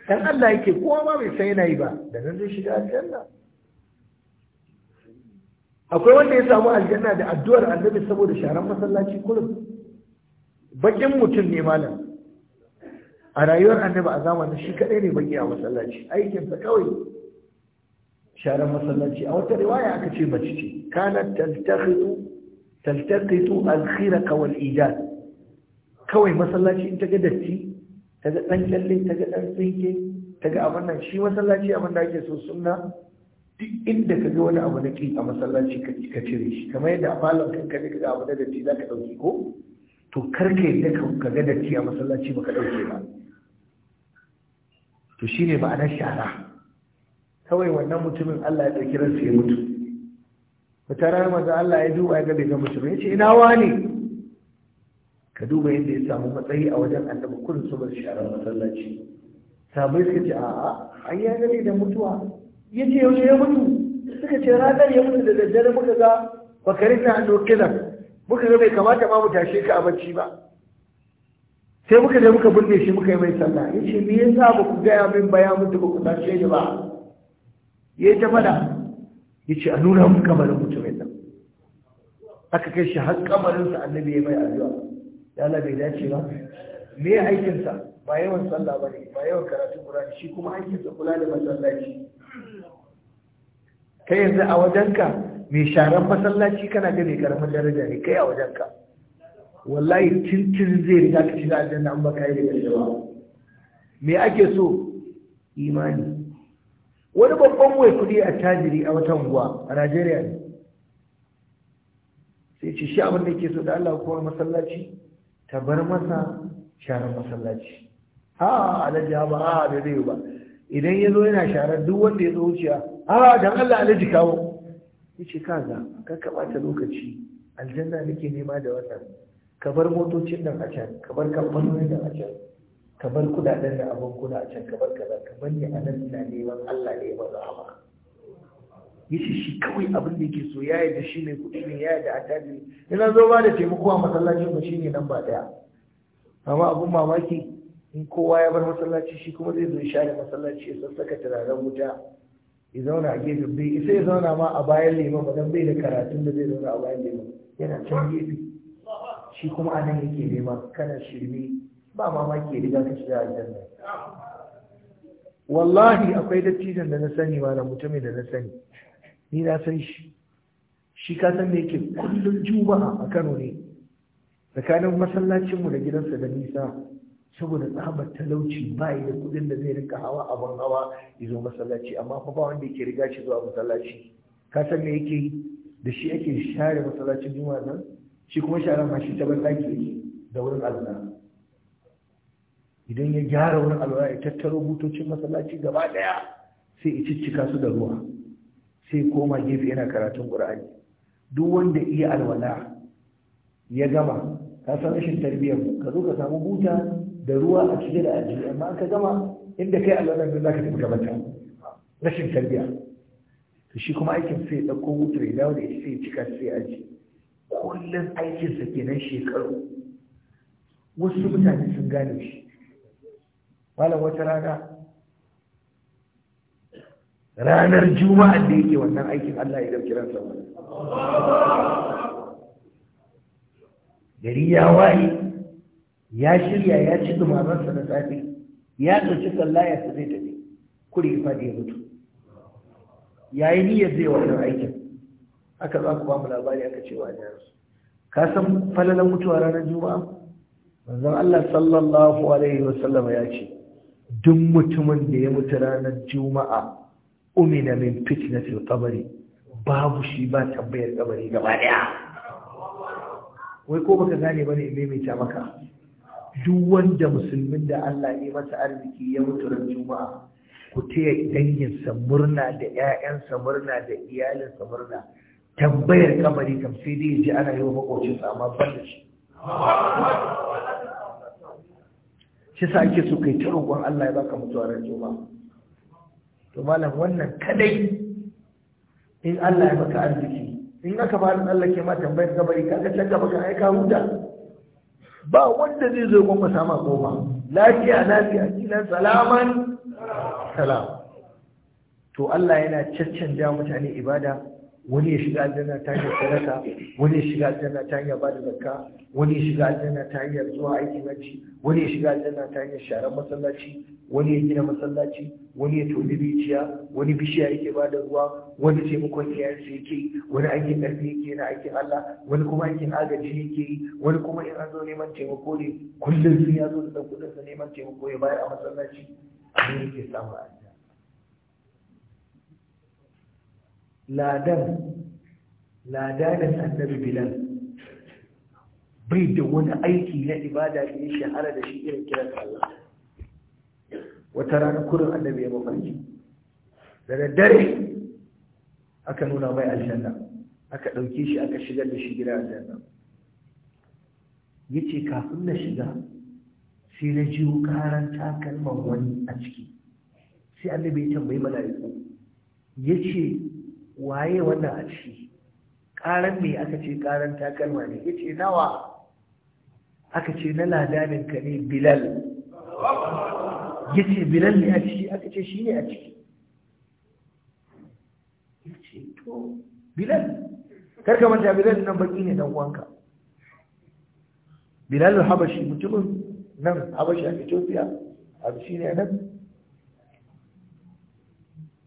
Speaker 3: dan Allah yake kowa ma bai san yana yi ba da nan zai shiga aljanna akwai wanda ya samu aljanna da addu'ar annabi saboda sharan masallaci kullum bakin mutum ne malam a rayuwar annabi a zamanin shi kadai ne baki a masallaci aikin sa kawai sharan masallaci a wata riwaya aka ce mace ce kana taltaqitu al-khirqa wal ijaz kawai masallaci in ta ga datti ta ga dan kyalle ta dan tsinke ta abin nan shi masallaci abin da ake so sunna duk inda kaga wani abu na ki a masallaci ka cire shi kamar yadda a falon kan ka ga abu na datti zaka dauki ko to karka yadda ka ga datti a masallaci baka dauke ba to shine ma'anar shara kawai wannan mutumin Allah ya dauki ransa ya mutu ta ranar manzo Allah ya duba ya ga ga mutum ya ce ina wani ka duba yadda ya samu matsayi a wajen annabi kun su bar sharar masallaci sabai suka ce a'a an ya gare da mutuwa ya ce yaushe ya mutu suka ce ranar ya mutu da daddare muka ga bakarin na dokinan muka ga bai kamata ma mu tashe ka a bacci ba sai muka je muka binne shi muka yi mai sallah ya ce me yasa ba ku gaya min ba ya mutu ba ku tashe ni ba ya ta fada ya ce a nuna mu kamarin mutum yadda aka kai shi har kamarinsa annabi ya mai addu'a ya Allah bai dace ba me ya aikinsa ba yawan sallah ba ne ba yawan karatu Qur'ani shi kuma aikinsa kula da masallaci kai yanzu a wajenka mai sharan masallaci kana ga mai karamin daraja ne kai a wajenka wallahi tintin zai riga ka shiga aljanna an baka yi da ba me ake so imani wani babban wai kudi a tajiri a wata unguwa a najeriya ne sai ce shi abin da ke so da allah kuma masallaci ta bar masa sharar masallaci a alaji ba a da zai ba idan ya zo yana sharar duk wanda ya zo wuciya a dan allah alaji kawo ya ce ka kaga ka kamata lokaci aljanna nake nema da wannan ka bar motocin nan a can ka bar kamfanonin nan a can ka bar kudaden da abin kuna a can ka bar kaza ka bari a nan ina neman Allah ne ba rahama yace shi kawai abin da ke so ya yi da shi mai kuɗi ne ya yi da attajiri ina zo ba da taimako a masallacin ba shine nan ba daya amma abin mamaki in kowa ya bar masallaci shi kuma zai zo ya share masallaci ya sassaka turaren wuta ya zauna a gefe bai isa ya zauna ma a bayan liman ba don bai da karatun da zai zauna a bayan liman yana can gefe shi kuma a nan yake nema kana shirme ba mamaki riga ka shiga aljanna wallahi akwai dattijan da na sani wala mutumin da na sani ni na san shi shi ka san me yake kullum juma'a a Kano ne tsakanin masallacin mu da gidansa da nisa saboda tsabar talauci ba yi da kudin da zai rinka hawa ban hawa ya zo masallaci amma fa ba wanda yake riga shi zuwa masallaci ka san me yake da shi ake share masallacin juma'a nan shi kuma sharan ma shi ta ban daki da wurin azna idan ya gyara wani alwala ya tattaro butocin masallaci gaba daya sai ya ciccika su da ruwa sai koma gefe yana karatun qur'ani duk wanda iya alwala ya gama ka san rashin tarbiyyar ka zo ka samu buta da ruwa a cike da ajiye amma ka gama inda kai alwala ne zaka tafi gabata rashin tarbiyya to shi kuma aikin sai ya dauko buta ya dawo da shi sai ya cika sai ya ajiye kullum sa kenan shekaru wasu mutane sun gane shi malam wata rana ranar juma'a da yake wannan aikin Allah ya dauki ransa gari ya waye ya shirya ya ci dumamansa na safe ya ɗauki sallah ya zai tafi kuri ya da ya mutu ya yi niyyar zai wannan aikin aka za ku ba mu labari aka ce wa jihar ka san falalan mutuwa ranar juma'a manzon Allah sallallahu alaihi wasallam ya ce duk mutumin da ya mutu ranar juma'a umina min fitnatul kabari babu shi ba tambayar kabari gaba daya wai ko baka gane bane me mai ta maka duk wanda musulmin da Allah ya masa arziki ya mutu ran juma'a ku taya danginsa murna da ƴaƴansa murna da iyalinsa murna tambayar kabari kam sai dai ji ana yi wa makocinsa amma ban da
Speaker 2: shi
Speaker 3: shi sa ake so kai ta roƙon Allah ya baka mutuwa ran juma'a to malam wannan kadai in Allah ya baka arziki in aka ba Allah ke ma tambayar gabari kaga can gaba ka aika huta ba wanda zai zo goma sama goma lafiya lafiya kila salaman salam to Allah yana caccanja mutane ibada wani ya shiga aljanna ta hanyar sadaka wani ya shiga aljanna ta hanyar bada zakka wani ya shiga aljanna ta hanyar zuwa aikin hajji wani ya shiga aljanna ta hanyar sharan masallaci wani ya gina masallaci wani ya toni rijiya wani bishiya yake bada ruwa wani taimakon iyayensa yake wani aikin ƙarfi yake na aikin Allah wani kuma aikin agaji yake yi wani kuma in an zo neman taimako ne kullum sun ya zo da kuɗinsa neman taimako ya bayar a masallaci abin yake samu aiki. ladan da annabi bilal bai da wani aiki na ibada da ya shahara da shi irin kiran Allah wata rana kurin annabi ya mafarki da daddare aka nuna mai aljanna aka ɗauke shi aka shigar da shi gida aljanna ya ce kafin na shiga sai na jiwo karan takalman wani a ciki sai annabi ya tambayi mala'iku ya ce waye wannan a ciki ƙaran me aka ce ƙaran takalma ne ya ce nawa aka ce na ladaninka ne bilal ya ce bilal ne a ciki aka ce shi ne a ciki ya ce to bilal karka manta bilal nan baki ne dan uwanka bilal habashi mutumin nan habashi a ethiopia a shi ne nan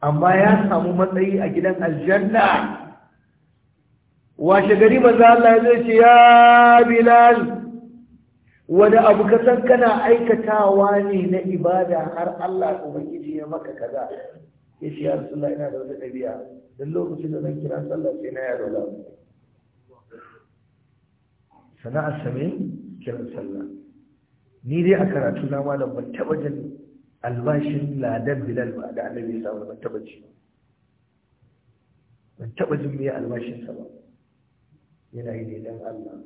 Speaker 3: amma ya samu matsayi a gidan aljanna washe gari maza Allah zai ce ya bilal wani abu ka san kana aikatawa ne na ibada har Allah ubangiji ya maka kaza ya ce ya rasulullah ina da wata ɗabi'a don lokacin da zan kira sallah sai na yaro da sana'ar same kiran sallah ni dai a karatu na malam ban taba jin albashin ladan bilal ba da annabi ya samu ban taba ji ban taba jin me albashin sa ba yana yi ne dan Allah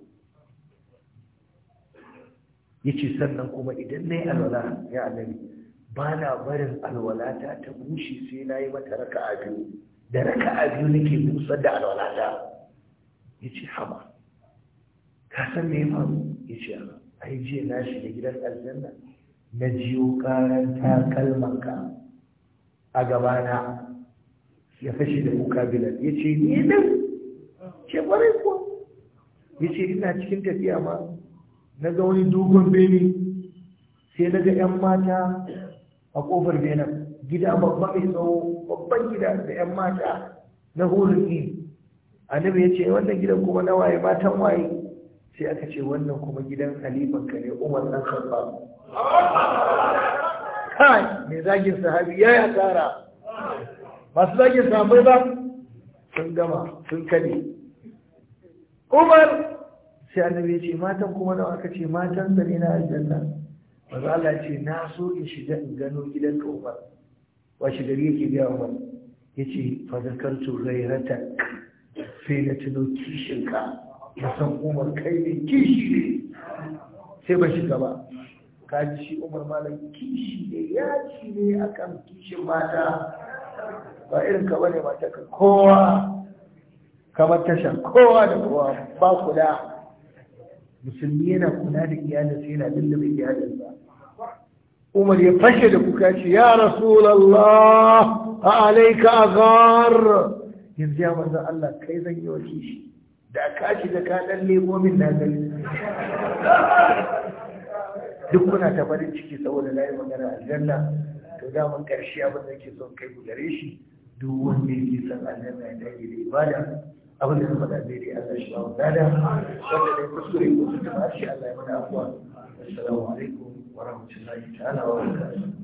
Speaker 3: yace sannan kuma idan nayi alwala ya annabi ba na barin alwalata ta bushe sai nayi mata raka'a biyu da raka'a biyu nake musa da alwalata yace haba ka san me ya faru yace ai jiya na da gidan aljanna na jiyo ƙarar takalmanka a gabana ya fashi da kuka bilal ya ce ni ɗin ce ƙwarai ko ya ce ina cikin tafiya ma na ga wani dogon bene sai na ga 'yan mata a ƙofar benin gida babba mai tsawo babban gida da 'yan mata na hulun annabi ya ce wannan gidan kuma na waye matan waye sai aka ce wannan kuma gidan halifan ka ne umar ɗan khattab kai mai zagin sahabi ya ya tsara masu zagin sahabi ba sun gama sun kani. umar sai annabi ce matan kuma nawa aka ce matan da ne na aljanna za a ce na so in shiga in gano gidan ka Umar washe gari yake biya Umar ce fadakar turai ghayrata sai na tuno kishin ka ya san umar kai ne kishi ne sai ba shiga ba ka shi umar malam kishi ne ya ci ne akan kishin mata ba irin ka bane mata ka kowa kamar tashar kowa da kowa ba kula musulmi yana kula da sai yana lullube ba. umar ya fashe da kuka ce ya rasulallah a alaika agar yanzu ya manzan Allah kai zan yi wa kishi da ka da ka dan min na gani duk muna ta farin ciki saboda na yi magana aljanna to daman karshe abin da ke son kai gudare shi duk wanda yake son aljanna ya dage da ibada abin da kuma da daidai Allah shi ba da wanda dai kuskure ko su ta shi Allah ya mana afuwa assalamu alaikum wa rahmatullahi ta'ala wa barakatuh